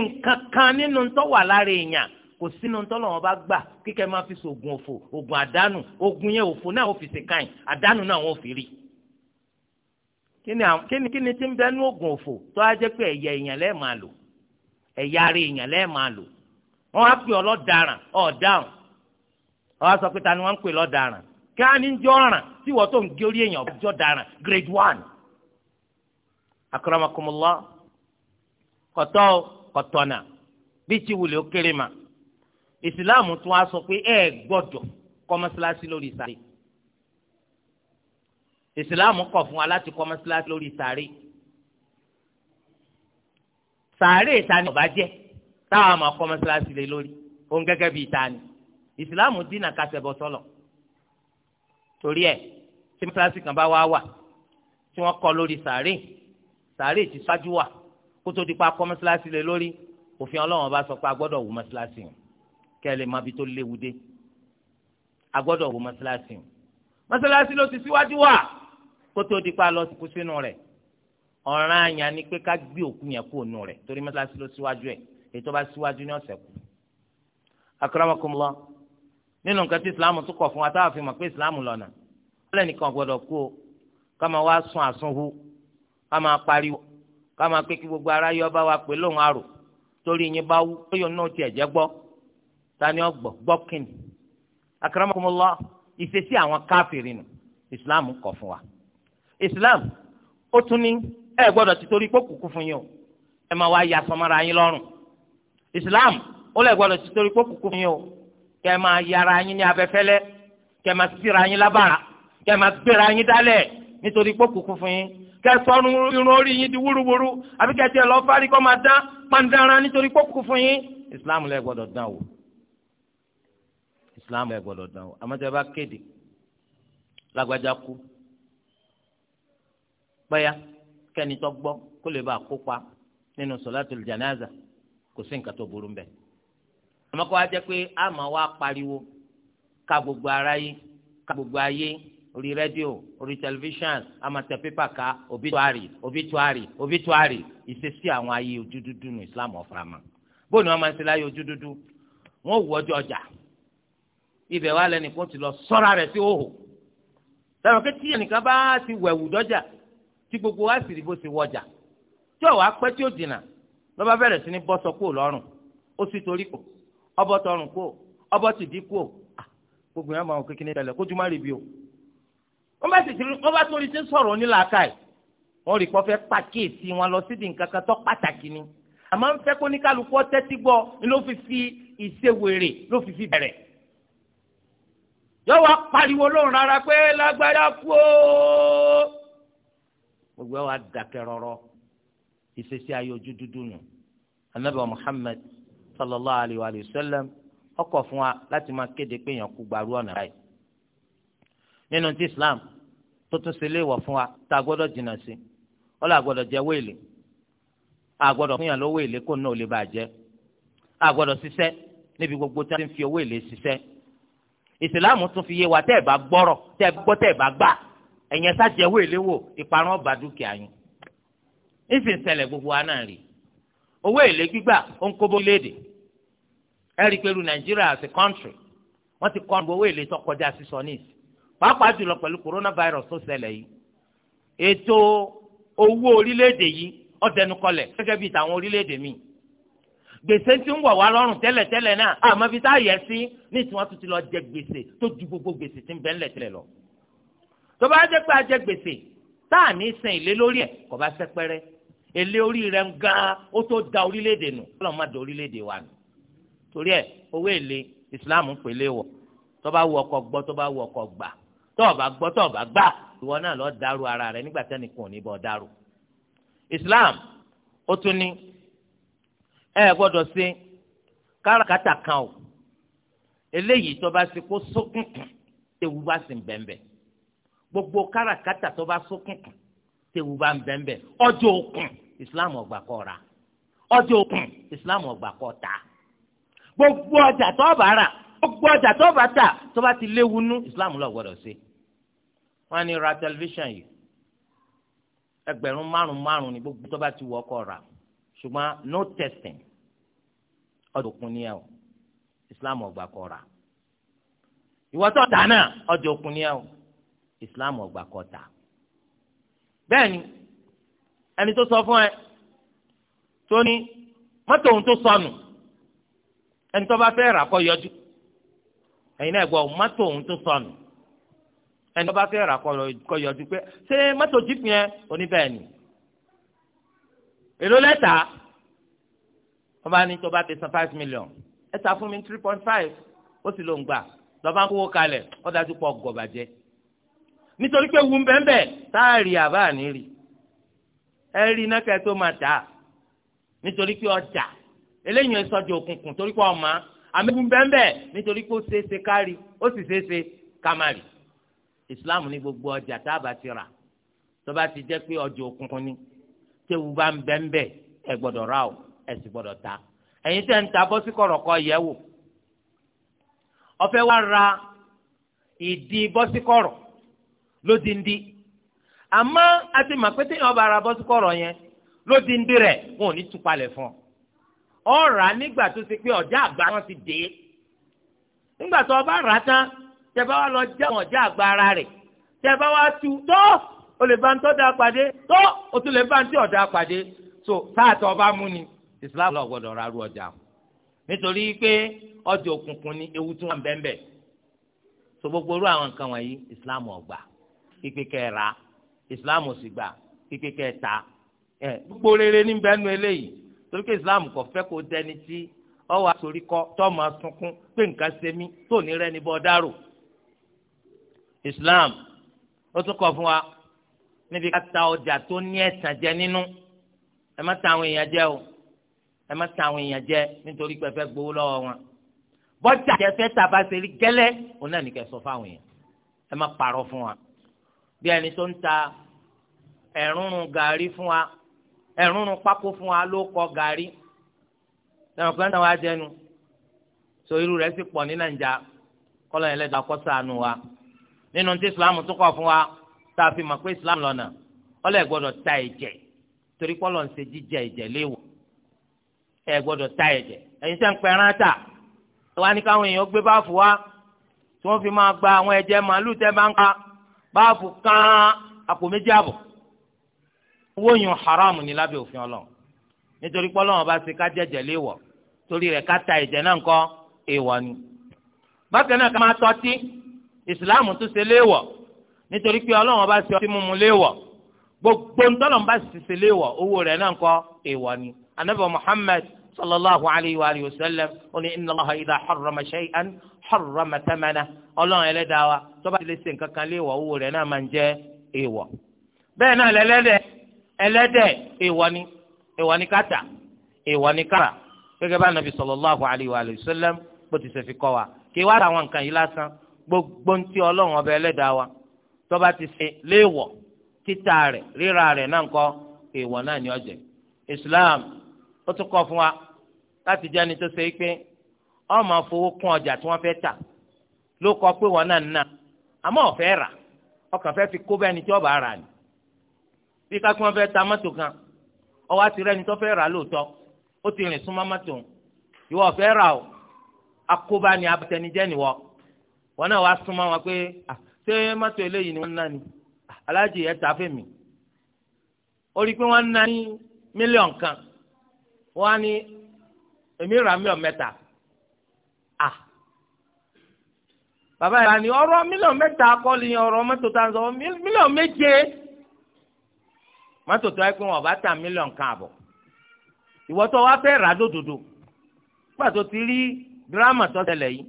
nǹkan kan nínú ntọ́ wà lára èèyàn kò sínú ntọ́ lọ́wọ́ bá gbà kíkẹ́ máa fi sògùn òfò ògùn àdánù ògùn yẹn òfò náà ó fi ṣèkàn àdánù náà ó fi rí kini kini tí ń bẹ ní oògùn òfò tó a jẹ́ pé ẹ̀yà èèyàn lẹ́ẹ̀ máa lò ẹ̀yà ara èèyàn lẹ́ẹ̀ máa lò wọ́n á pè ọ́ lọ́daràn ta ni wọ́n ń pè lọ́daràn ká ní jọ́ tí wọ́n tó ń gé orí èèyàn ọ̀bùjọ́ daràn grade one. akramakumullah kọ̀tọ́ kọ̀tọ̀nà bí ti ó kéré ma ìsìláàmù tún á sọ pé ẹ lórí ìsìláàmù kọ̀ fún wa láti kọ́ mọ́sálásí lórí sàárè sàárè ìtani ọba jẹ́ táwa máa kọ́ mọ́sálásí lé lórí òun gẹ́gẹ́ bí ìtani ìsìláàmù dínà kásẹ̀ bọ́ sọ́lọ̀ torí ẹ̀ tí mọ́sálásí kan bá wá wà tí wọ́n kọ́ lórí sàárè sàárè ti ṣáájú wà kó tó di pa kọ́ mọ́sálásí lé lórí òfin ọlọ́run ọba sọ pé a gbọ́dọ̀ wù mọ́sálásí kẹ́ ẹ lè má bi tó léwu dé a gbọ́dọ̀ wù mọ́sálásí mọ́sálásí ló ti síwájú wà kótó di pa lọ sìnkú sínú rẹ̀ ọ̀ràn àyàn ni pé ká gbé òkú yẹn kó nù rẹ̀ torí mọ́sálásí ló síwájú ẹ̀ ètò bá síwájú ní ọ̀sẹ̀ kù. akramakumullah nínú nǹkan tí islam tún kọ̀ fún wa táwọn fi mọ̀ pé islam lọ́nà ọlẹ́ nìkan gbọ́dọ̀ kú o ká máa wá sun àsunhu ká máa pariwo ká máa pé kí gbogbo ara yọ bá wa pè lóhùn àrò torí yín bá wú ó yọ náà tiẹ̀ jẹ́ gbọ́ ta ni ọ gbọ́ gbọ́ kìnnì akramakumullah ìṣesí àwọn káfìrì nù islam kọ̀ fún wa islam ó tún ní ẹ gbọ́dọ̀ ti torí pé kùkú fún yín o ẹ máa wá ya sọmọra yín lọ́rùn islam ó lẹ gbọ́dọ̀ ti torí pé fún yín o kẹ ẹ máa yára yín ní abẹ́fẹ́lẹ́ kẹ ẹ máa síra yín lábàrá kẹ ẹ máa gbéra yín dálẹ̀ nítorí pé kùkú fún yín kẹ ẹ sọ irun orí yín di wúruwúru àbí kẹ ẹ lọ fárí kọ́ máa dán pàǹdàrán nítorí pé fún yín islam lẹ gbọ́dọ̀ dán o islam lẹ gbọ́dọ̀ dán o àmọ́ tẹ bá kéde lágbájá kú pẹ́yà kẹ́ni tó gbọ́ kó lè bá kópa nínú sọ̀látùl jànáza kò sí nǹkan tó burú mbẹ́. àmọ́ kó wá jẹ́ pé a máa wá pariwo ká gbogbo ara yé ká gbogbo ayé orí rédíò orí tẹlifíṣàn a máa tẹ pépà ká obituari obituari obituari ìṣesí àwọn ayé ojú dúdú ní Islam ọ̀farama bóun ni wọ́n máa ń ṣe láyé ojú dúdú wọ́n wù ọjọ́ ọjà ibẹ̀ wà lẹ́nìkan ti lọ sọ́ra rẹ̀ sí òhò sẹ́wọ̀n kí tíyẹn bá ti wẹ̀wù dọ́jà tí gbogbo wa sì rí bó ṣe wọjà tí ọ̀wá pẹ́ tí ó dìnnà lọ́ba bẹ̀rẹ̀ sí ní bọ́ sọ kúò lọ́rùn ó sì torí kù ọbọ̀ tọrùn kúò ọbọ̀ ti dín kúò ah, gbogbo yẹn máa wọ kékeré tẹ̀lé kójú má rí bí o wọ́n bá sì ti wọ́n bá torí sí sọ̀rọ̀ onílàákà yìí wọ́n rí kọfẹ́ pàkíyèsí wọn lọ sídìí nǹkan kan tó pàtàkì ni àmọ́ ń fẹ́ kó ní kálukú tẹ́tí gbọ́ ni ló fi fi ìṣèwèrè ló fi fi bẹ̀rẹ̀ yọ pariwo lóhùn rárá pé lágbájá kú o gbogbo wa dákẹ́ rọ́rọ́ ìṣesí ayé ojú dúdú nù anabi muhammed sallallahu alayhi wa sallam ọkọ̀ fún wa láti máa kéde pé èèyàn kú gbàrú ọ̀nà báyìí nínú ti islam tó tún ṣe léèwọ̀ fún wa tá a gbọ́dọ̀ jìnnà sí ó là gbọ́dọ̀ jẹ wéèlì a fún yàn ló wéèlì kó náà ò lè bàjẹ́ a ṣiṣẹ́ níbi gbogbo tí a ti ń fi owó èlé ṣiṣẹ́ ìsìláàmù tún fi yé wa tẹ́ ẹ̀ bá gbọ́rọ̀ tẹ́ ẹ gbọ́ tẹ́ ẹ bá gbà ẹ̀yẹn sàjẹ́wò ìléwò ìparun ọba dúkìá yín ìsìn ṣẹlẹ̀ gbogbo wa náà rí owó èlé gbígbà ó ń kó bó léde ẹ rí i pé nàìjíríà as a country wọ́n ti kọ́ owó èlé tó kọjá sísọ ní pàápàá jùlọ pẹ̀lú coronavirus tó ṣẹlẹ̀ yìí ètò owó orílẹ̀-èdè yìí ó dẹnukọlẹ̀ gẹ́gẹ́ bíi tàwọn orílẹ̀-èdè míì gbèsè tí ń wọ̀ wá lọ́rùn tẹ́lẹ̀tẹ́lẹ̀ náà àmọ́ fi tá a yẹ sí ní tí wọ́n tún ti lọ jẹ gbèsè tó ju gbogbo gbèsè tí ń bẹ́ńlẹ̀ tẹ́lẹ̀ lọ tó bá jẹ́ pé a jẹ gbèsè tá à ní san èlé lórí ẹ̀ kò bá sẹ́pẹ́rẹ́ èlé orí rẹ̀ ń gan ó tó da orílẹ̀-èdè nù ọlọ́run má da orílẹ̀-èdè wa nù torí ẹ̀ owó èlé ìsìláàmù ń pèlè wọ̀ tó bá wù ọkọ̀ gbọ́ tó bá wù ọkọ̀ gbà tó ọ̀bà gbọ́ tó ọ̀bà gbà ìwọ náà lọ dàrú ara rẹ nígbà tẹ́ni kùn ní bọ́ dàrú Islam ó tún ní ẹ gbọ́dọ̀ ṣe káràkátà kan o eléyìí tó bá ṣe kó sókùnkùn ewu bá sì ń bẹ̀m̀bẹ̀ gbogbo káràkátà tó bá sókùnkùn tewu bá ń bẹ́ńbẹ́ ọjọ́ òkun islam ọgbà kọ́ ra ọjọ́ òkun islam ọgbà kọ́ ta gbogbo ọjà tó bá rà gbogbo ọjà tó bá tà tó bá ti léwu nú islam ló gbọ́dọ̀ ṣe wọ́n ní ra tẹlifíṣàn yìí ẹgbẹ̀rún márùn márùn ni gbogbo tó bá ti wọ ọkọ rà ṣùgbọ́n no testing ọjọ́ òkun ni ẹ o islam ọgbà kọ́ ra ìwọ́tọ̀ dáná ọjọ́ islam ò gbà kó tà bẹ́ẹ̀ni ẹni tó sọ fún ẹ tó ní mọ́tò òun tó sọnù ẹni tó bá fẹ́ rà kó yọjú ẹ̀yin náà gbọ́ mọ́tò òun tó sọnù ẹni tó bá fẹ́ rà kó yọjú pé ṣé mọ́tò jíìpù yẹn oníbẹ̀ẹ́ni èló lẹ́tà wọ́n bá ní tó bá ti san five million ẹ̀ta fún mi three point five ó sì ló ń gbà lọ́ba ń kówó kalẹ̀ ó dájú pọ̀ gọ̀bàjẹ́ nítorí pé wù ń bẹ́ẹ̀ bẹ́ẹ̀ tá a rí àbá àní rí ẹ rí iná kẹ́ tó máa dà nítorí pé ọjà eléyìí ẹ sọjọ òkùnkùn torí pé ọmọ àmì wù ń bẹ́ẹ̀ bẹ́ẹ̀ nítorí pé ó ṣeéṣe kárí ó sì ṣeéṣe kámárì ìsìláàmù ní gbogbo ọjà tá a bá ti rà tó bá ti jẹ́ pé ọjà òkùnkùn ni tẹ́wù bá ń bẹ́ẹ̀ bẹ́ẹ̀ ẹ gbọ́dọ̀ rà o ẹ sì gbọ́dọ̀ ta ẹ̀yin tẹ́ ń ta bọ́ sí kọ̀rọ̀kọ̀ yẹ̀ wa ra ìdí bọ́síkọ̀rọ̀ lódìndí a àti màpẹ́tẹ́ yẹn ọba ara bọ́ sí yẹn lódìndí rẹ̀ wọn ò ní tupalẹ̀ fún ọ ọ̀rà nígbà tó pe pé ọ̀já àgbà wọn ti dé nígbà ọba rà tán tẹ́ bá wà lọ já ọ̀já àgbà ara rẹ̀ tẹ́ bá wà tu tó o pàdé tó o ọ̀dà pàdé so táàtọ̀ ọba mú ni Islam lọ gbọdọ̀ ni ewu pípé kẹ́ ẹ rà ìsìláàmù sì gbà pípé kẹ́ ẹ tà ẹ gbogbo rere ní bẹ́ẹ̀nu eléyìí torí pé ìsìláàmù kò fẹ́ kó dẹni tí ọwọ́ àtòrí kọ́ tó máa sunkún pé nǹkan ṣe mí tó ní rẹ́ni bọ́ dárò islam ó tún kọ fún wa níbi ká ta ọjà tó ní ẹ̀sán jẹ nínú ẹ má ta àwọn èèyàn jẹ o ẹ má ta àwọn èèyàn jẹ nítorí pé ẹ fẹ́ gbowó lọ́wọ́ wọn bọ́jà jẹ fẹ́ tàbá ṣe rí gẹ́lẹ́ òun náà ní kẹ́ sọ fáwọn èèyàn ẹ má parọ́ fún wa bí ẹni tó ń ta ẹ̀rúnrún gàrí fún wa ẹ̀rúnrún pákó fún wa ló kọ gàrí lẹ́yìn pé ń tàn wá jẹnu so irú rẹ̀ sì pọ̀ ní nàìjà kọ́lọ́ yẹn lẹ́dàá kọ́ sànù wa nínú tí islam tún kọ̀ fún wa tá a fi mọ̀ pé islam lọ́nà ọlọ́ ẹ̀ gbọ́dọ̀ ta ẹ̀jẹ̀ torí kọ́lọ́ ń ṣe jíjẹ ẹ̀jẹ̀ léwu ẹ̀ gbọ́dọ̀ ta ẹ̀jẹ̀ ẹ̀yin sẹ́ ń pẹ́ ẹran ta wọ́n ní káwọn èèyàn gbé báàfù wa tí wọ́n fi máa gba àwọn ẹ̀jẹ̀ màálù tẹ́ bá ń ka báàbù kan àpò méjì àbọ̀ owó yun haram ní lábẹ́ òfin ọlọ́run nítorí pé ọlọ́run bá ṣe ká jẹ́jẹ́ léèwọ̀ torí rẹ̀ ká ta ẹ̀jẹ̀ náà kọ́ èèwọ̀ ni bákan náà ká máa tọ́tí ìsìláàmù tún ṣe léèwọ̀ nítorí pé ọlọ́run bá ṣe ọtí mímu léèwọ̀ gbogbo ntọ́lọ́run bá ṣe léèwọ̀ owó rẹ̀ náà kọ́ èèwọ̀ ni anabi muhammad sallallahu alayhi wa alihi wa sallam ó ní inna Allaha idha harrama shay'an harrama thamanahu ọlọ́run ẹlẹ́dàá wa tó bá ti lè ṣe nǹkan kan lé ìwọ̀ owó rẹ̀ náà máa ń jẹ́ èèwọ̀ bẹ́ẹ̀ náà lẹ́lẹ́dẹ̀ ẹlẹ́dẹ̀ èèwọ̀ ni èèwọ̀ ni kàtà èèwọ̀ ni kàrà gẹ́gẹ́ bá nàbì sallallahu alayhi wa alihi wa sallam bó ti ṣe fi kọ́ wa kí wá àwọn nǹkan yìí lásán gbogbo ntí ọlọ́run ọba ẹlẹ́dàá wa tó bá ti ṣe léèwọ̀ títà rẹ̀ rírà rẹ̀ náà ńkọ́ èèwọ̀ náà ni ó jẹ́ Islam ó tún kọ́ fún wa láti jẹ́ ẹni tó ṣe pé ó máa kún ọjà tí wọ́n fẹ́ tà ló kọ pé wọn náà nà àmọ́ ọ̀fẹ́ rà ọkàn fẹ́ fi kó bẹ́ẹ̀ ni tí ọba rà ni bí ká kí wọ́n fẹ́ ta mọ́tò kan ọwọ́ àti rẹ́ni tó fẹ́ rà lóòótọ́ ó ti rìn súnmọ́ mọ́tò ìwọ ọ̀fẹ́ rà o akóbá ni abatẹnijẹ́ ni wọ wọn náà wá súnmọ́ wọn pé ṣé mọ́tò eléyìí ni wọ́n ná ni aláàjì ẹ̀ ta fèmí ó rí i pé wọ́n ná ní mílíọ̀n kan wọ́n á ní èmi rà mílíọ̀n mẹ́ta à bàbá yìí wà ní ọ̀rọ̀ mílíọ̀n mẹ́ta kọ́lì yẹn ọ̀rọ̀ mọ́tò tá a ń sọ mílíọ̀n méje mọ́tò tó yẹ pé wọn ò bá ta mílíọ̀n kan àbọ̀ ìwọ́tọ̀ wa fẹ́ rà dòdòdò pàtó ti rí gírámà tó tẹ̀lẹ̀ yìí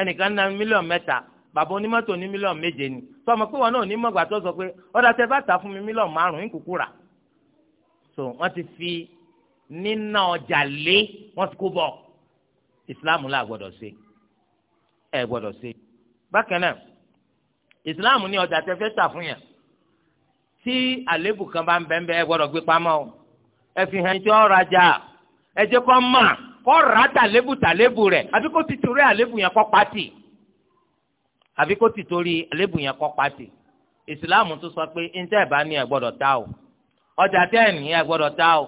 ẹnìkan ná mílíọ̀n mẹ́ta bàbá onímọ́tò ní mílíọ̀n méje ni tọmọ pé wọn náà ní tó sọ pé ọ̀dà tẹ bá ta fún mi mílíọ̀n márùn-ún ń so wọ́n ti fi nínà ọjà lé wọ́n ti kó bọ̀ ìsìláàmù là gbọ́dọ̀ ṣe ẹ gbọ́dọ̀ ṣe bákan náà ìsìláàmù ní ọjà tẹ́ fẹ́ tà fún yàn tí àlébù kan bá ń bẹ́ẹ̀ bẹ́ẹ̀ ẹ gbọ́dọ̀ gbé pamọ́ o ẹ fi hàn ẹjọ́ rajà ẹ jẹ́ kó mọ̀ kó tàlébù tàlébù rẹ̀ àbí kó ti torí àlébù yẹn kó pàtì àbí kó ti torí àlébù yẹn kó pàtì ìsìláàmù tún sọ pé ntẹ́ ẹ̀ bá ní ẹ gbọ́dọ̀ ta o ọjà tẹ́ ẹ̀ ní ẹ gbọ́dọ̀ ta o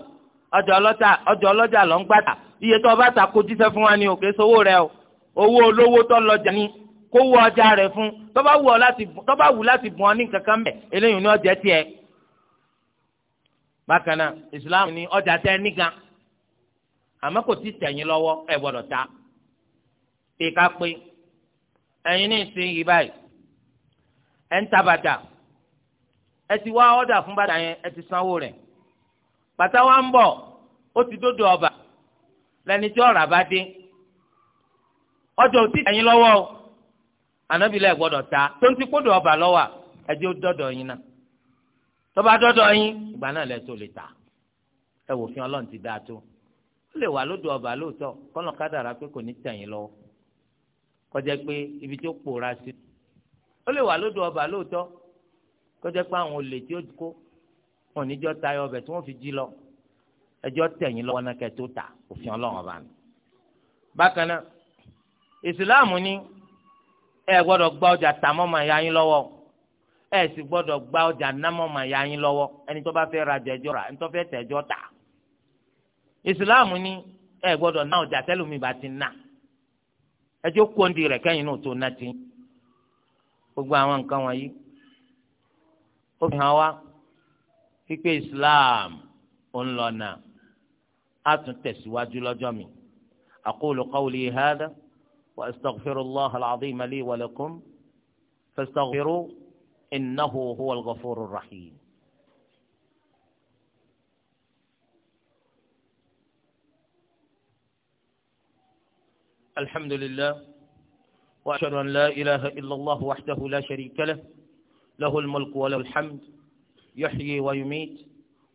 ọjà ọlọjà ọjà ọlọ́jà lọ ń gbàtà iye tó ọba ta kó jíṣẹ́ fún wa ni òkè sówó rẹ o owó olówó tó lọjà ni kó wọ ọjà rẹ fún tọ́ba wù láti bùn ọ ní kankan mẹ́ eléyìí ni ọjà tiẹ̀ bákan náà Islam ni ọjà tẹ nígan àmọ́ kò tí tẹ̀yìn lọ́wọ́ ẹ gbọdọ ta pé ká pé ẹ̀yin ní ìsìn yìí báyìí ẹ̀ ń ta bàtà ẹ ti wá ọ̀dà fún bàtà yẹn ẹ ti sanwó rẹ. pàtà wa ń bọ̀ ó ti dódò ọba lẹni tí ọ̀rà bá dé ọjọ́ òtí ẹ̀yin lọ́wọ́ o ànábìlẹ̀ gbọ́dọ̀ ta tó ń ti kódò ọba lọ́wọ́ ẹjẹ́ ó dọ́dọ̀ yín náà tọ́ba dọ́dọ̀ yín ìgbà náà lẹ́tọ́ lè ta ẹ wò fi ọlọ́run ti dáa tó ó lè wà lódò ọba lóòótọ́ kọ́nà kádàrá pé kò ní tẹ̀yìn lọ́wọ́ kọjá pé ibi tó pòórá sí ó lè wà lódò ọba lóòótọ́ kọjá pé àwọn olè tí ó kó oníjọ́ tayọ ọbẹ̀ tí wọ́n fi jí lọ ẹjọ́ tẹ̀yìn lọ́wọ́ náà kẹ́ ta òfin ọlọ́run ọba ni. bákan náà ìsìláàmù ní ẹ gbọ́dọ̀ gba ọjà tà ya yín lọ́wọ́ ẹ sì gbọ́dọ̀ gba ọjà yín lọ́wọ́ ẹni tó bá fẹ́ rajà ẹjọ́ rà ẹni tó fẹ́ tà. ìsìláàmù ẹ gbọ́dọ̀ ná ọjà bá ti ti gbogbo àwọn nǹkan wọ̀nyí ó pípé islam ń lọ náà á tún tẹ̀síwájú lọ́jọ́ mi. أقول قولي هذا وأستغفر الله العظيم لي ولكم فاستغفروا إنه هو الغفور الرحيم الحمد لله وأشهد أن لا إله إلا الله وحده لا شريك له له الملك وله الحمد يحيي ويميت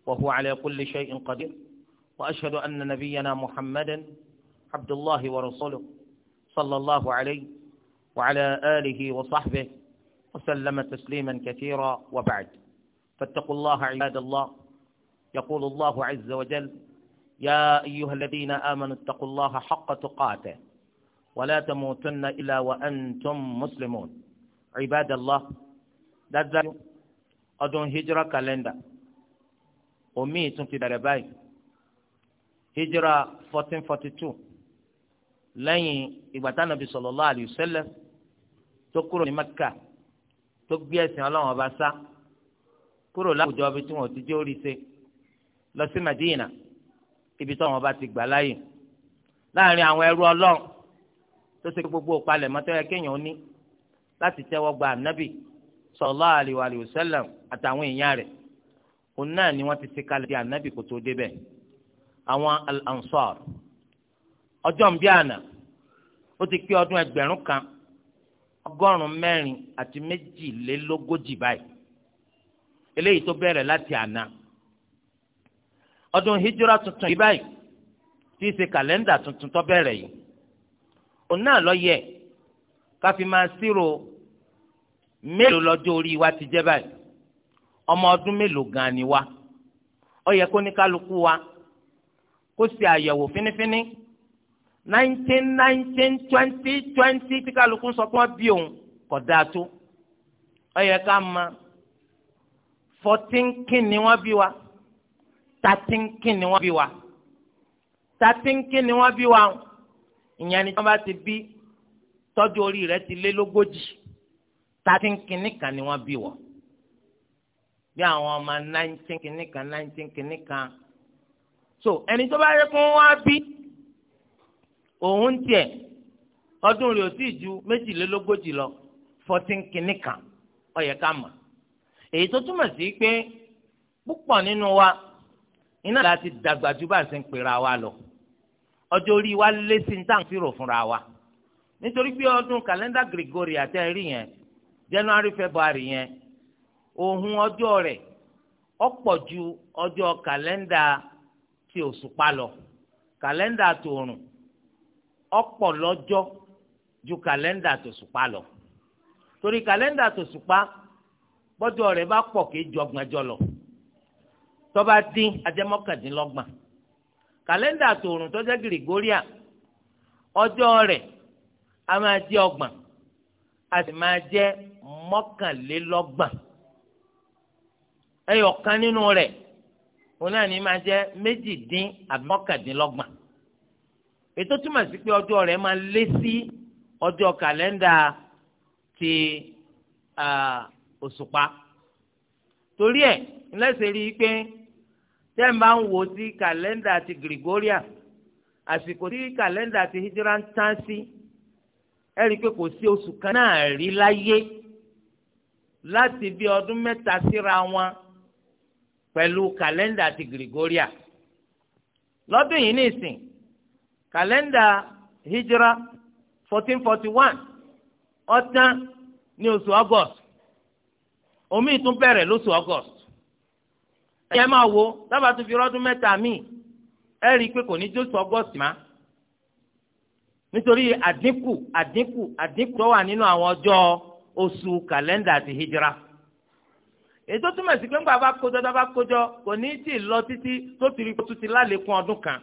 وهو على كل شيء قدير وأشهد أن نبينا محمدا عبد الله ورسوله صلى الله عليه وعلى آله وصحبه وسلم تسليما كثيرا وبعد فاتقوا الله عباد الله يقول الله عز وجل يا أيها الذين آمنوا اتقوا الله حق تقاته ولا تموتن إلا وأنتم مسلمون عباد الله ذلك ọdún hijira kalẹ́ndà omi tún ti dàrẹ báyìí hijira fourteen forty two lẹ́yìn ìgbà tí Ànábì sallallahu alayhi wa sallam tó kúrò ní Mẹ́kà tó gbé ẹ̀sìn Ọlọ́run ọba sá kúrò láwùjọ ibi tí wọ́n ti jẹ́ orí lọ sí Madina ibi tí wọ́n bá ti gbà láàyè láàrin àwọn ẹrú Ọlọ́run tó ṣe gbogbo ìpalẹ̀mọ́ tó yẹ kéèyàn láti tẹ́wọ́ gba ànábì sallallahu alaihi wa sallam àtàwọn èèyàn rẹ̀ òun náà ni wọ́n ti ṣe kalẹ̀ di ànábì kó tó débẹ̀ àwọn al-ansar ọjọ́ ń bí àná ó ti pé ọdún ẹgbẹ̀rún kan ọgọ́rùn-ún mẹ́rin àti méjìlélógójì báyìí eléyìí tó bẹ̀rẹ̀ láti àná ọdún hijira tuntun yìí báyìí tí í ṣe kàlẹ́ndà tuntun tó bẹ̀rẹ̀ yìí òun náà ló yẹ ká máa ṣírò mélòó lọ́jọ́ orí wa ti jẹ́ báyìí ọmọ ọdún mélòó gan ni wa ó yẹ kó ní kálukú wa kó ṣe àyẹ̀wò fínífíní nineteen nineteen twenty twenty tí kálukú sọ pé wọ́n bí òun kò dáa tó ó yẹ ká mọ̀ fourteen kín ni wọ́n bí wa thirteen kín ni wọ́n bí wa thirteen kín ni wọ́n bí wa ìyẹn ni wọ́n bá ti bí tọ́jú orí rẹ̀ ti lé lógójì thirteen kìíní kan ni wọ́n bí wọ̀ bí àwọn ọmọ nineteen kìíní kan nineteen kìíní kan so ẹni tó bá yẹ kó wá bí òun tiẹ̀ ọdún rẹ̀ ò tí ju méjìlélógójì lọ fourteen kìíní kan ó yẹ ká mọ̀ èyí tó túmọ̀ sí pé púpọ̀ nínú wa iná láti dàgbà ju bá a ṣe ń pera wa lọ ọjọ́ orí wa lé sí ní tàǹfìrò fúnra wa nítorí pé ọdún kàlẹ́ndà Gregorian àti ẹ̀rí yẹn January February yẹn òhun ọjọ́ rẹ̀ ọ̀pọ̀ ju ọjọ́ kàlẹ́ndà ti òṣùpá lọ kàlẹ́ndà tòrùn ọ̀pọ̀ lọ́jọ́ ju kàlẹ́ndà tòṣùpá lọ torí kàlẹ́ndà tòṣùpá bọ́jọ́ rẹ bá pọ̀ kì í lọ tọba bá dín ajẹmọ́kàndínlọ́gbọ̀n kàlẹ́ndà tòrùn tó jẹ́ gírígóríà ọjọ́ rẹ̀ a máa jẹ́ ọgbọ̀n a sì máa je. mọ́kànlélọ́gbọ̀n ẹyọ kan nínú rẹ̀ òun náà ní máa jẹ́ méjìdín ètò túmọ̀ sí pé ọjọ́ rẹ̀ máa lé sí ọjọ́ kàlẹ́ndà ti òṣùpá torí ẹ̀ ńlẹ́sẹ̀ rí i pé tẹ́ ń bá ń wò sí ti Gregoria àsìkò tí kàlẹ́ndà ti tán sí kò sí oṣù láti bí ọdún mẹ́ta síra wọn pẹ̀lú kàlẹ́ndà ti Gregoria lọ́dún yìí nìsín kàlẹ́ndà hijra fourteen forty one ó ní oṣù August omi tún bẹ̀rẹ̀ lóṣù August ẹ̀yẹ́ máa wo dábàá tún fi rọ́dún mẹ́ta míì ẹ rí i pé kò ní jóṣù August má nítorí àdínkù àdínkù àdínkù tó wà nínú àwọn ọjọ́ ọ osu kalenda ti hijira ètò túmọ̀ sí pé ńgbà bá kójọ tó bá kójọ kò ní í tì lọ títí tó ti rí tó ti lálékún ọdún kan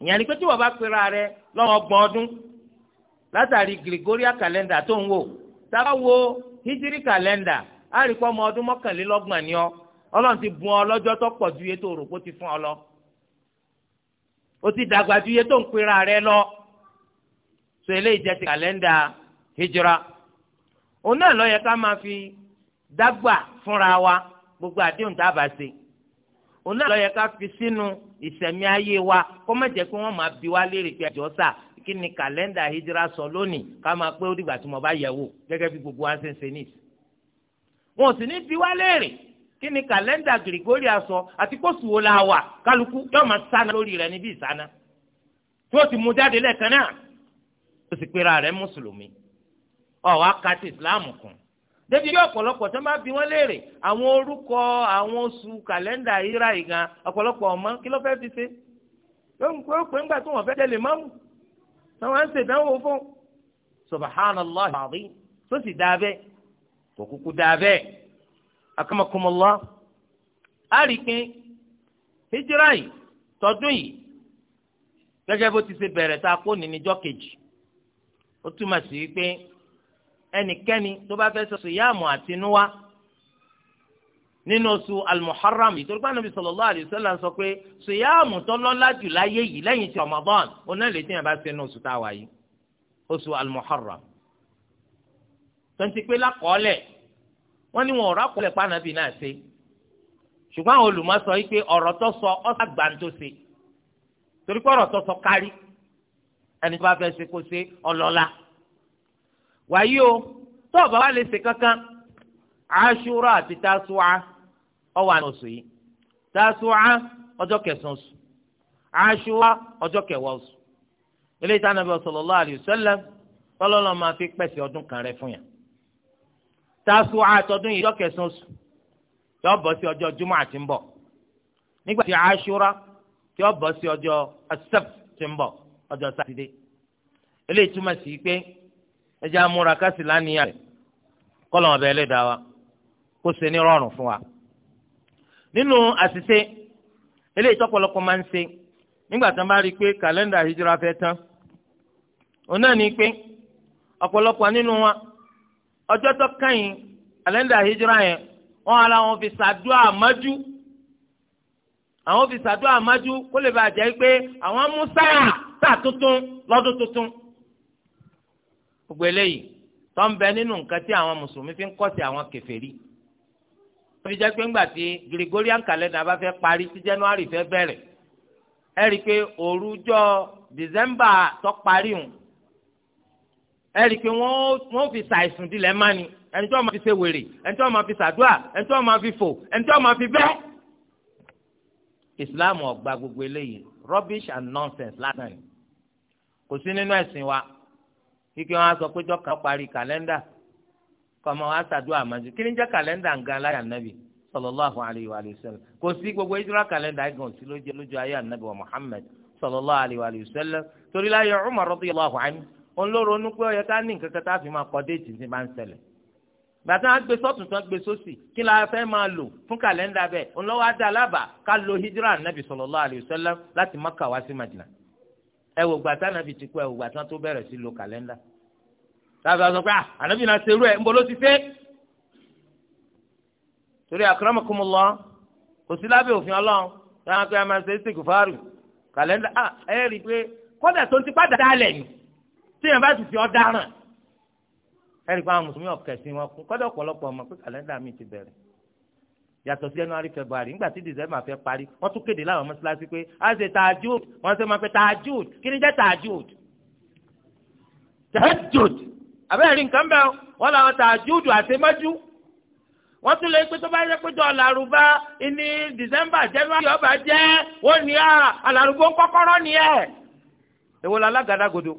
ìyẹn ni pé tí wọ́n bá pera rẹ lọ́wọ́ ọgbọ̀n ọdún látàrí Gregorian kalenda tó ń wò tábà wo hijiri kalenda á ọmọ ọdún mọ́kànlélọ́gbọ̀n ni ọ ọlọ́run ti bùn ọ lọ́jọ́ tó pọ̀ ju iye tó rò pé ti fún ọ lọ ó ti dàgbà ju iye tó ń pera rẹ lọ so eléyìí jẹ́ ti calendar hijira. Ona náà ló yẹ ká máa fi dágbà fúnra wa gbogbo àdéhùn tá a bá ṣe òun náà yẹ ká fi sínú ìsẹ̀mí ayé wa kó má jẹ́ pé wọ́n máa bi wá léèrè pé àjọ sà kí ni kàlẹ́ndà hijira sọ lónìí ká máa pé ó dìgbà tí mo bá yẹ̀ wò gẹ́gẹ́ bí gbogbo wa ṣe ń ṣe nìyí wọn ò sì ní bi wá léèrè kí ni kàlẹ́ndà Gregorian sọ àti kóṣù wo la wà kálukú yóò máa sáná lórí rẹ níbi ìsáná tí ó ti mú jáde lẹ́ẹ̀kan náà ó sì pera rẹ̀ mùsùlùmí ọ̀wá kàti ìsìláàmù kùn débi bí ọ̀pọ̀lọpọ̀ tó máa bi wọ́n léèrè àwọn orúkọ àwọn oṣù kàlẹ́ndà ìra ìgan ọ̀pọ̀lọpọ̀ ọmọ kí ló fẹ́ fi ṣe yóò pé ńgbà tó wọ́n fẹ́ tẹ̀lé mọ́mù táwọn ń ṣèdánwò fún subhanallah àbí tó sì dáa bẹ́ẹ̀ kò kúkú dáa bẹ́ẹ̀ akamakumọ́lá á rí i pé hijira yìí tọdún yìí gẹ́gẹ́ bó ti ṣe bẹ̀rẹ̀ tá a kó nínú ijọ́ kejì ó túmọ̀ sí pé ẹnikẹ́ni tó bá fẹ́ sọ̀sọ̀ yáàmù àtinúwá nínú oṣù almuharram ìtòlùpá nàbí sallallahu alaihi wasallam sọ pé sòyàmù tọlọ́lá jù láyé yìí lẹ́yìn tí Ramadan onáìlè tí yẹn bá ṣe ní oṣù táwa yìí oṣù almuharram tonti pé lakọọlẹ wọn ni wọn ọ̀rọ̀ akọọlẹ pa nàbí náà ṣe ṣùgbọ́n àwọn olùmọ̀ sọ yìí pé ọ̀rọ̀ tó sọ ọsà gbàǹtó ṣe torí pé ọ̀rọ̀ tó sọ kárí ẹni tó bá fẹ́ ṣe kó ṣe ọlọ́lá wàyí o tó o bá wà lè ṣe kankan aṣúra àti tasuwa ó wà ní oṣù yìí tásùá ọjọ́ kẹsàn-án oṣù aṣúra ọjọ́ kẹwàá oṣù eléyìí nàbẹ máa fi pèsè ọdún kan rẹ fún yàn tásùá àtọ́dún yìí ọjọ kẹsàn-án oṣù yọ bọ́ sí ọjọ́ júmọ́ àti ń bọ̀ nígbà tí aṣúra tí ó bọ́ sí ọjọ́ asẹ́f ti ń sátidé sí pé ẹjẹ́ amúra kásì lánìyàn rẹ̀ kọ́lọ̀ ọ̀bẹ ẹlẹ́dàá wa kó ṣe ní rọrùn fún wa. nínú àṣìṣe eléyìí tọ́pọ̀lọpọ̀ máa ń ṣe nígbà tó ń bá rí i pé kàlẹ́ndà hijira fẹ́ tán òun náà ní pé ọ̀pọ̀lọpọ̀ nínú wa ọjọ́ tó kẹ́yìn kàlẹ́ndà hijira yẹn wọ́n ara wọn fi ṣàdúrà mọ́jú àwọn fi ṣàdúrà mọ́jú kó lè bàjẹ́ pé àwọn mú sáà sáà tuntun lọ́dún tuntun gbogbo eléyìí tó ń bẹ nínú nǹkan tí àwọn mùsùlùmí fi ń kọ́sí àwọn kèfèrí ó fi jẹ́ pé ńgbà tí Gregorian calendar bá fẹ́ parí tí January fẹ́ bẹ̀rẹ̀ ẹ rí i pé òrùjọ December tó parí hùn ẹ rí i pé wọ́n fi ṣàìsùn dilẹ̀ mání ẹni tí wọ́n máa fi ṣe wèrè ẹni tí wọ́n máa fi ṣàdúrà ẹni tí wọ́n máa fi fò ẹni tí wọ́n máa fi bẹ́ẹ̀. Islam ò gbà gbogbo eléyìí rubbish and nonsense lásán kò sí nínú ẹ̀sìn wa kíkẹ́ wọn á sọ pé jọ́kàn parí kàlẹ́ndà kọ́mọ wa ṣàdúrà àmọ́jú kí ni jẹ́ kàlẹ́ndà ń gan láyé ànábì sallallahu alayhi wa sallam kò sí gbogbo ìdúrà kàlẹ́ndà ẹ̀gàn sí lójú ayé ànábì wa Muhammad sallallahu alayhi wa sallam torí láyé Umar radiyallahu anhu olóró onú pé ọyẹ ká ní nǹkan kan tá a fi máa kọ déètì tí máa ń ṣẹlẹ̀ gbàtà àgbè sọ́tún tán gbé sósì kí la fẹ́ máa lò fún kàlẹ́ndà bẹ́ẹ̀ ńlọ́wọ́ adé alábà ká lo hijira ànábì sallallahu alayhi wa sallam láti Mákà wá sí Madina ẹ wò gbàtà ànábì ti kú ẹ wò gbàtà tó bẹ̀rẹ̀ sí lo kàlẹ́ndà tàbí àwọn sọ pé ah, ànábì náà ṣerú ẹ ńbọ ló ti ṣe torí akramakumullah kò sí lábẹ́ òfin ọlọ́run táwọn pé a máa ṣe ṣègùn fáàrù kàlẹ́ndà ah, ẹ rí i pé kọ́dà tó ń ti padà dálẹ̀ yìí tí yẹn bá ti fi ọ́ dáràn ẹ rí i pé àwọn mùsùlùmí ọ̀kẹ́sìn wọn kọ́dà ọ̀pọ̀lọpọ̀ ọmọ pé kàlẹ́ndà mi ti bẹ̀rẹ̀ yàtọ̀ sí january february nígbà tí december fẹ́ parí wọ́n tún kéde láwọn mọ́ṣáláṣí pé a ṣe tajud wọ́n ṣe máa pe tajud kí ni jẹ́ tajud tajud àbẹ́rẹ́ rí nǹkan bẹ́ẹ̀ wọ́n làwọn tajud àṣemájú wọ́n tún lè pé tó bá yẹ pé tó ọ̀làrúbá ní december january ọba jẹ́ wọ́n ní à àlàrúbó ń kọ́kọ́rọ́ ni ẹ̀ èwo la alágàdàgodo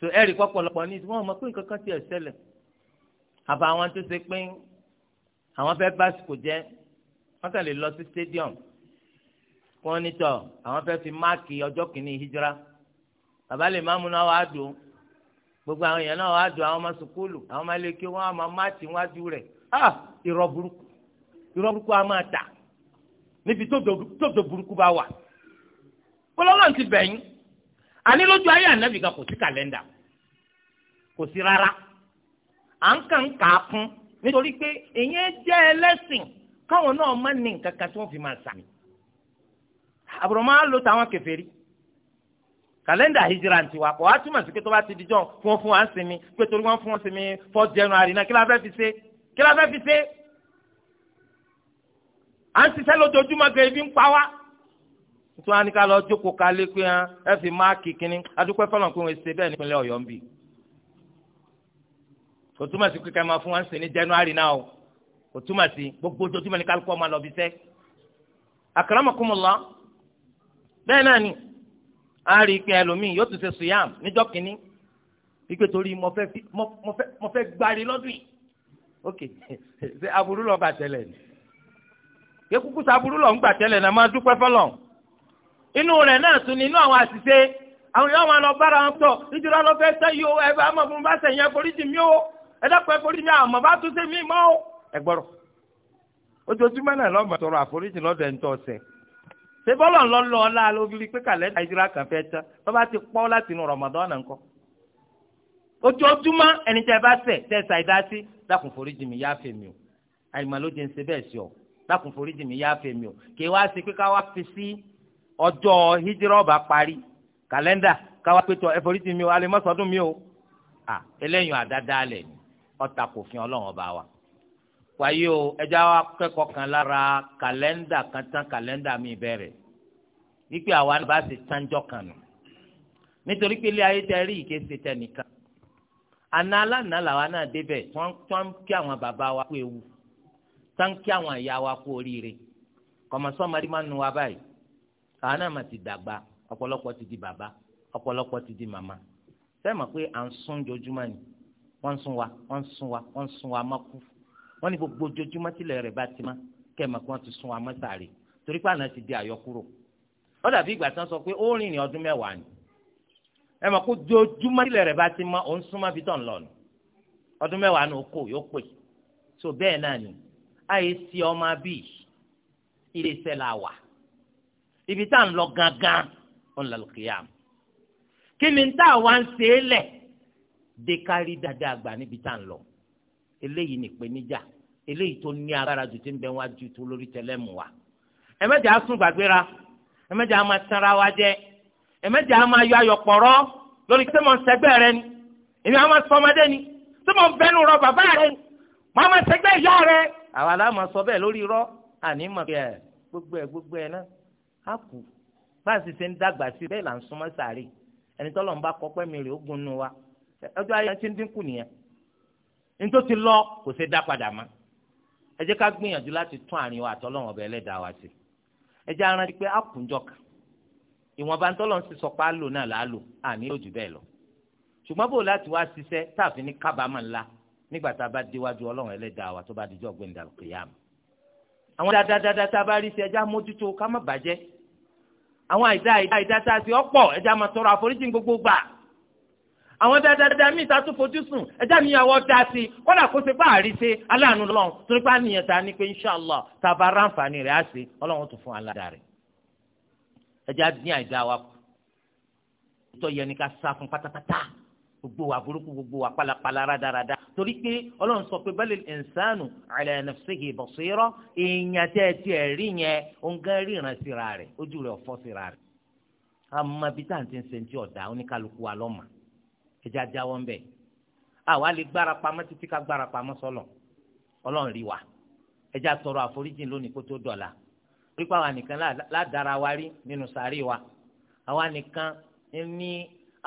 so ẹ̀rí pọ̀pọ̀lọpọ̀ ní ìtumọ̀ ọmọ pé nǹkan kan ti ẹ̀ ṣẹlẹ̀ àbá àwọn tó ṣe pé àwọn fẹ́ básìkò jẹ́ wọ́n kàn lè lọ sí stadium kí wọ́n nítọ̀ àwọn fẹ́ fi máàkì ọjọ́ kìíní hijira bàbá lè máàmù náà wàá dùn gbogbo àwọn èèyàn náà wàá dùn àwọn ọmọ sùkúlù àwọn ọmọ ilé kí wọ́n á máa máàkì wájú rẹ̀ ah irọ́ burúkú irọ́ burúkú á máa tà níbi tóòtò burúkú bá wà kọlọ́lọ́ ti bẹ̀yìn àní lójú ayé ànábì kò sí kàlẹ́ndà kò sí rárá à ń kàn ń kà á kún nítorí pé ìyẹn jẹ́ ẹlẹ́sìn káwọn náà má ní nǹkan kan tí wọ́n fi máa sàmì àbùrọ̀ máa lo tàwọn kèfèrí kàlẹ́ndà hijira ti wa kò wá túmọ̀ sí pé tó bá ti dijọ́ fún wọn fún wa ń sinmi pé torí wọn fún wọn sinmi fourth january náà kí la fẹ́ fi ṣe kí la fẹ́ fi ṣe à ń ṣiṣẹ́ lójoojúmọ́ gan ibi ń pa wá nítorí wọn ní ká lọ jókòó kalẹ̀ pé ẹ fi máàkì kínní adúpẹ́ fọlọ́n pé wọ́n ṣe bẹ́ẹ̀ nípínlẹ̀ ọ̀yọ́ ń bì í kò túmọ̀ sí kíkà máa fún wa ń sè ní january náà o kò túmọ̀ sí gbogbo ojoojúmọ́ ní kálukọ́ máa lọ bí sẹ́ akramakumullah bẹ́ẹ̀ náà ni a rí i pé ẹlòmíì yóò tún ṣe suyam níjọ́ kínní wípé torí mo fẹ́ mo fẹ́ gbari lọ́dún yìí ok ṣe aburú lọ gbà tẹ́lẹ̀ ni kékuku ṣe aburú lọ ń gbà tẹ́lẹ̀ náà máa dúpẹ́ fọlọ́ inú rẹ̀ náà tún ni inú àwọn àṣìṣe àwọn yóò máa lọ bára wọn tọ̀ nítorí wọn lọ fẹ́ sẹ́yìn o ẹ̀ bá mọ̀ fún bá sẹ̀yìn ẹ̀ foríjì mi o ẹ dákun ẹ forí ní àmọ́ bá tún sẹ́mi mọ́ ọ́ ẹ gbọ́rọ̀ ojoojúmọ́ náà lọ́mọ tọrọ àforíjì lọ́dọ̀ ẹ̀ ń tọ́ ọ̀sẹ̀ ṣé bọ́lọ̀ ń lọ lọ ọ́ láà lóbi rí pé kàlẹ́ndà ìdíra kan fẹ́ tán tó bá ti pọ́ láti inú Ramadan náà ńkọ́ ojoojúmọ́ ẹni bá dákun foríjì mi yá fèmí o àyìnbá ló ti ń ṣe bẹ́ẹ̀ sí ọ dákun foríjì mi yá fèmí o kì í wá sí pé fi sí parí pé tọ mi o mi o àdáda ọ̀tà kò fi ọlọ́run ọba wa. wáyé o ẹja wa kẹ́kọ̀ọ́ kan lára kàlẹ́ndà kan tán kàlẹ́ndà mi bẹ̀rẹ̀ wípé àwa náà bá ṣe tánjọ́ kan nù. nítorí pé ilé ayé tẹ rí ìké ṣe tẹ nìkan. àna alánà làwa náà débẹ̀ tí wọ́n ń kí àwọn bàbá wa kú ewu tí kí àwọn ìyá wa kú oríire. kọ̀mọ̀sọ́mọdé máa ń nu wa báyìí. àwa náà mà ti dàgbà ọ̀pọ̀lọpọ̀ ti di bàbá ọ̀pọ̀lọpọ̀ ti di màmá. sẹ́ẹ̀ pé à ń sún jojúmọ́ ni wọ́n ń sún wa wọ́n ń sún wa wọ́n ń sún wa má kú wọ́n ní gbogbo ojoojúmọ́ tilẹ̀ rẹ̀ bá ti má kẹ́ẹ̀mọ́ kí wọ́n ti sún wa má sàárè torí pé àná ti di àyọkúrò ó dàbí ìgbà tí wọ́n sọ pé ó rìn ní ọdún mẹ́wàá ni ẹ mọ̀ kó ojoojúmọ́ tilẹ̀ rẹ̀ bá ti má òun súnmọ́ fi tàn lọ́nu ọdún mẹ́wàá ni ó kò yóò pè so bẹ́ẹ̀ náà ni àyè sí ọmọ bíi ilé iṣẹ́ la wà ibi tá à ń lọ gangan ó ń lọ kìyàm kí ni tá à wá ń ṣe é lẹ̀ dé dada dáadáa gbà níbi tá à ń lọ eléyìí nìpèníjà eléyìí tó ní agbára ju ti ń bẹ wájú tó lórí tẹlẹmù wa ẹmẹjẹ á sún gbàgbéra ẹmẹjẹ á máa sanra wa jẹ ẹmẹjẹ á máa yọ ayọpọrọ lórí pé mo ń sẹgbẹ rẹ ni èmi á máa sọ ọmọdé ni tí bẹnu rọ bàbá rẹ ni mo á sẹgbẹ ìyá rẹ. àwa la máa sọ bẹ́ẹ̀ lórí irọ́ àní mọ ẹ gbogbo ẹ gbogbo ẹ náà á kù bá a ń dàgbà sí i là ń súnmọ́ sàárè ẹni tọ́lọ́ ń bá kọ́ pẹ́ mi rè ó gun nù wa ọjọ́ ayé ti ń dínkù nìyẹn nítorí ti lọ kò ṣe dá padà mọ́ ẹ jẹ́ ká gbìyànjú láti tún àárín wa àtọ́lọ́wọ̀n ọbẹ̀ ẹlẹ́dàá wa sí ẹ jẹ́ pé á kùnjọ kan ìwọ̀nba ń sọ lọ ṣùgbọ́n bò láti wá ṣiṣẹ́ táàfin ní ńlá nígbà tá a bá déwájú ẹlẹ́dàá wa tó bá dijọ́ àwọn dáadáa míì ta tún fojú sùn ẹjá mi àwọ̀ dá sí i kọ́dà kó ṣe bá àrí ṣe aláàánú lọ́n torí pé àníyàn ta ni pé inṣàlá tàbá ráǹfààní rẹ̀ á ṣe ọlọ́run tó fún aládàá rẹ̀ ẹjá dín àìdá wa kù tó yẹ ni ká sá fún pátápátá gbogbo wa burúkú gbogbo wa pálapàla rádaràda torí pé ọlọ́run sọ pé balil insanu ala nafsihi basira èèyàn tẹ́ ẹ tiẹ̀ rí yẹn òǹgá ríran síra rẹ̀ ojú rẹ̀ ọ̀fọ́ síra rẹ̀ àmọ́ bí táǹtì ń ṣe ń tí ọ̀dà oníkálukú wa lọ́mọ ẹjẹ ajáwọ́ ń bẹ̀ àwa lè gbára pamọ́ títí ká gbára pamọ́ sọ́lọ̀ ọlọ́run rí wa ẹjẹ atọrọ àforíjì lónìí kó tó dọ̀la orí àwa nìkan ládàra wa rí nínú sàárì wa àwa nìkan ní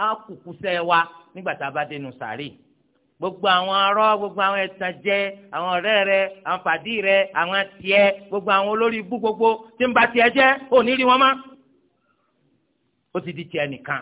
àkùkùsẹ́ wa nígbà tá a bá dénú sàárì gbogbo àwọn arọ gbogbo àwọn ẹtàn jẹ àwọn ọ̀rẹ́ rẹ àwọn fàdí rẹ àwọn tiẹ gbogbo àwọn olórí ibú gbogbo tí ń ba tiẹ jẹ ò ní rí wọn mọ́ ó ti di tiẹ nìkan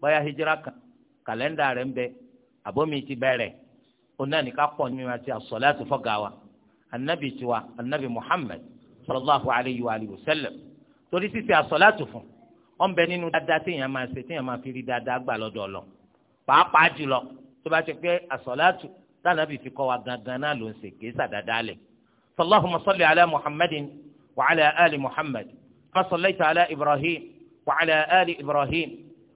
báyà hijira kan kàlẹ́ndà rẹ̀ ń bẹ àbọ̀mí ti bẹ̀rẹ̀ ó náà ní ká pọ̀ ní mímọ́ àti àsọ̀láàtì fọ́gà wa anabi tiwa anabi muhammed sallallahu alayhi wa alihi wa sallam torí sísè àsọ̀láàtì fún ọ̀n bẹ nínú dáadáa téèyàn máa ṣe téèyàn máa fi rí dáadáa gbà lọ́dọ̀ lọ pàápàá jùlọ tó bá ti pé àsọ̀láàtì tánàbì fi kọ́ wa gangan náà ló ń ṣe kì í sàdáadáa lẹ̀ sallahumma salli ala muhammadin wa ala ali muhammad ma sallaita ala ibrahim wa ala ali ibrahim.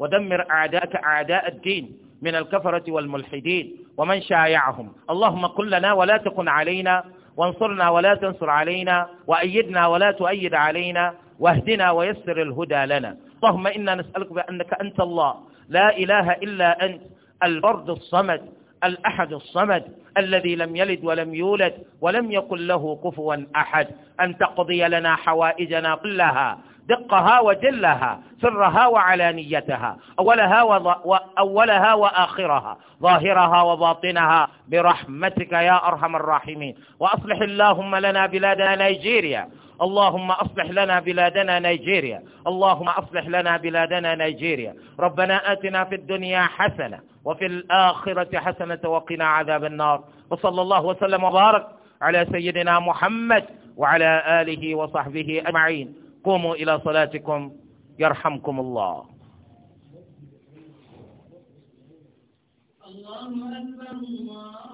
ودمر أعداءك أعداء الدين من الكفرة والملحدين ومن شايعهم اللهم قل لنا ولا تكن علينا وانصرنا ولا تنصر علينا وأيدنا ولا تؤيد علينا واهدنا ويسر الهدى لنا اللهم إنا نسألك بأنك أنت الله لا إله إلا أنت الفرد الصمد الأحد الصمد الذي لم يلد ولم يولد ولم يقل له كفوا أحد أن تقضي لنا حوائجنا كلها دقها وجلها سرها وعلانيتها أولها, وأولها وآخرها ظاهرها وباطنها برحمتك يا أرحم الراحمين وأصلح اللهم لنا بلادنا نيجيريا اللهم أصلح لنا بلادنا نيجيريا اللهم أصلح لنا بلادنا نيجيريا ربنا آتنا في الدنيا حسنة وفي الآخرة حسنة وقنا عذاب النار وصلى الله وسلم وبارك على سيدنا محمد وعلى آله وصحبه أجمعين قوموا إلى صلاتكم يرحمكم الله الله أكبر الله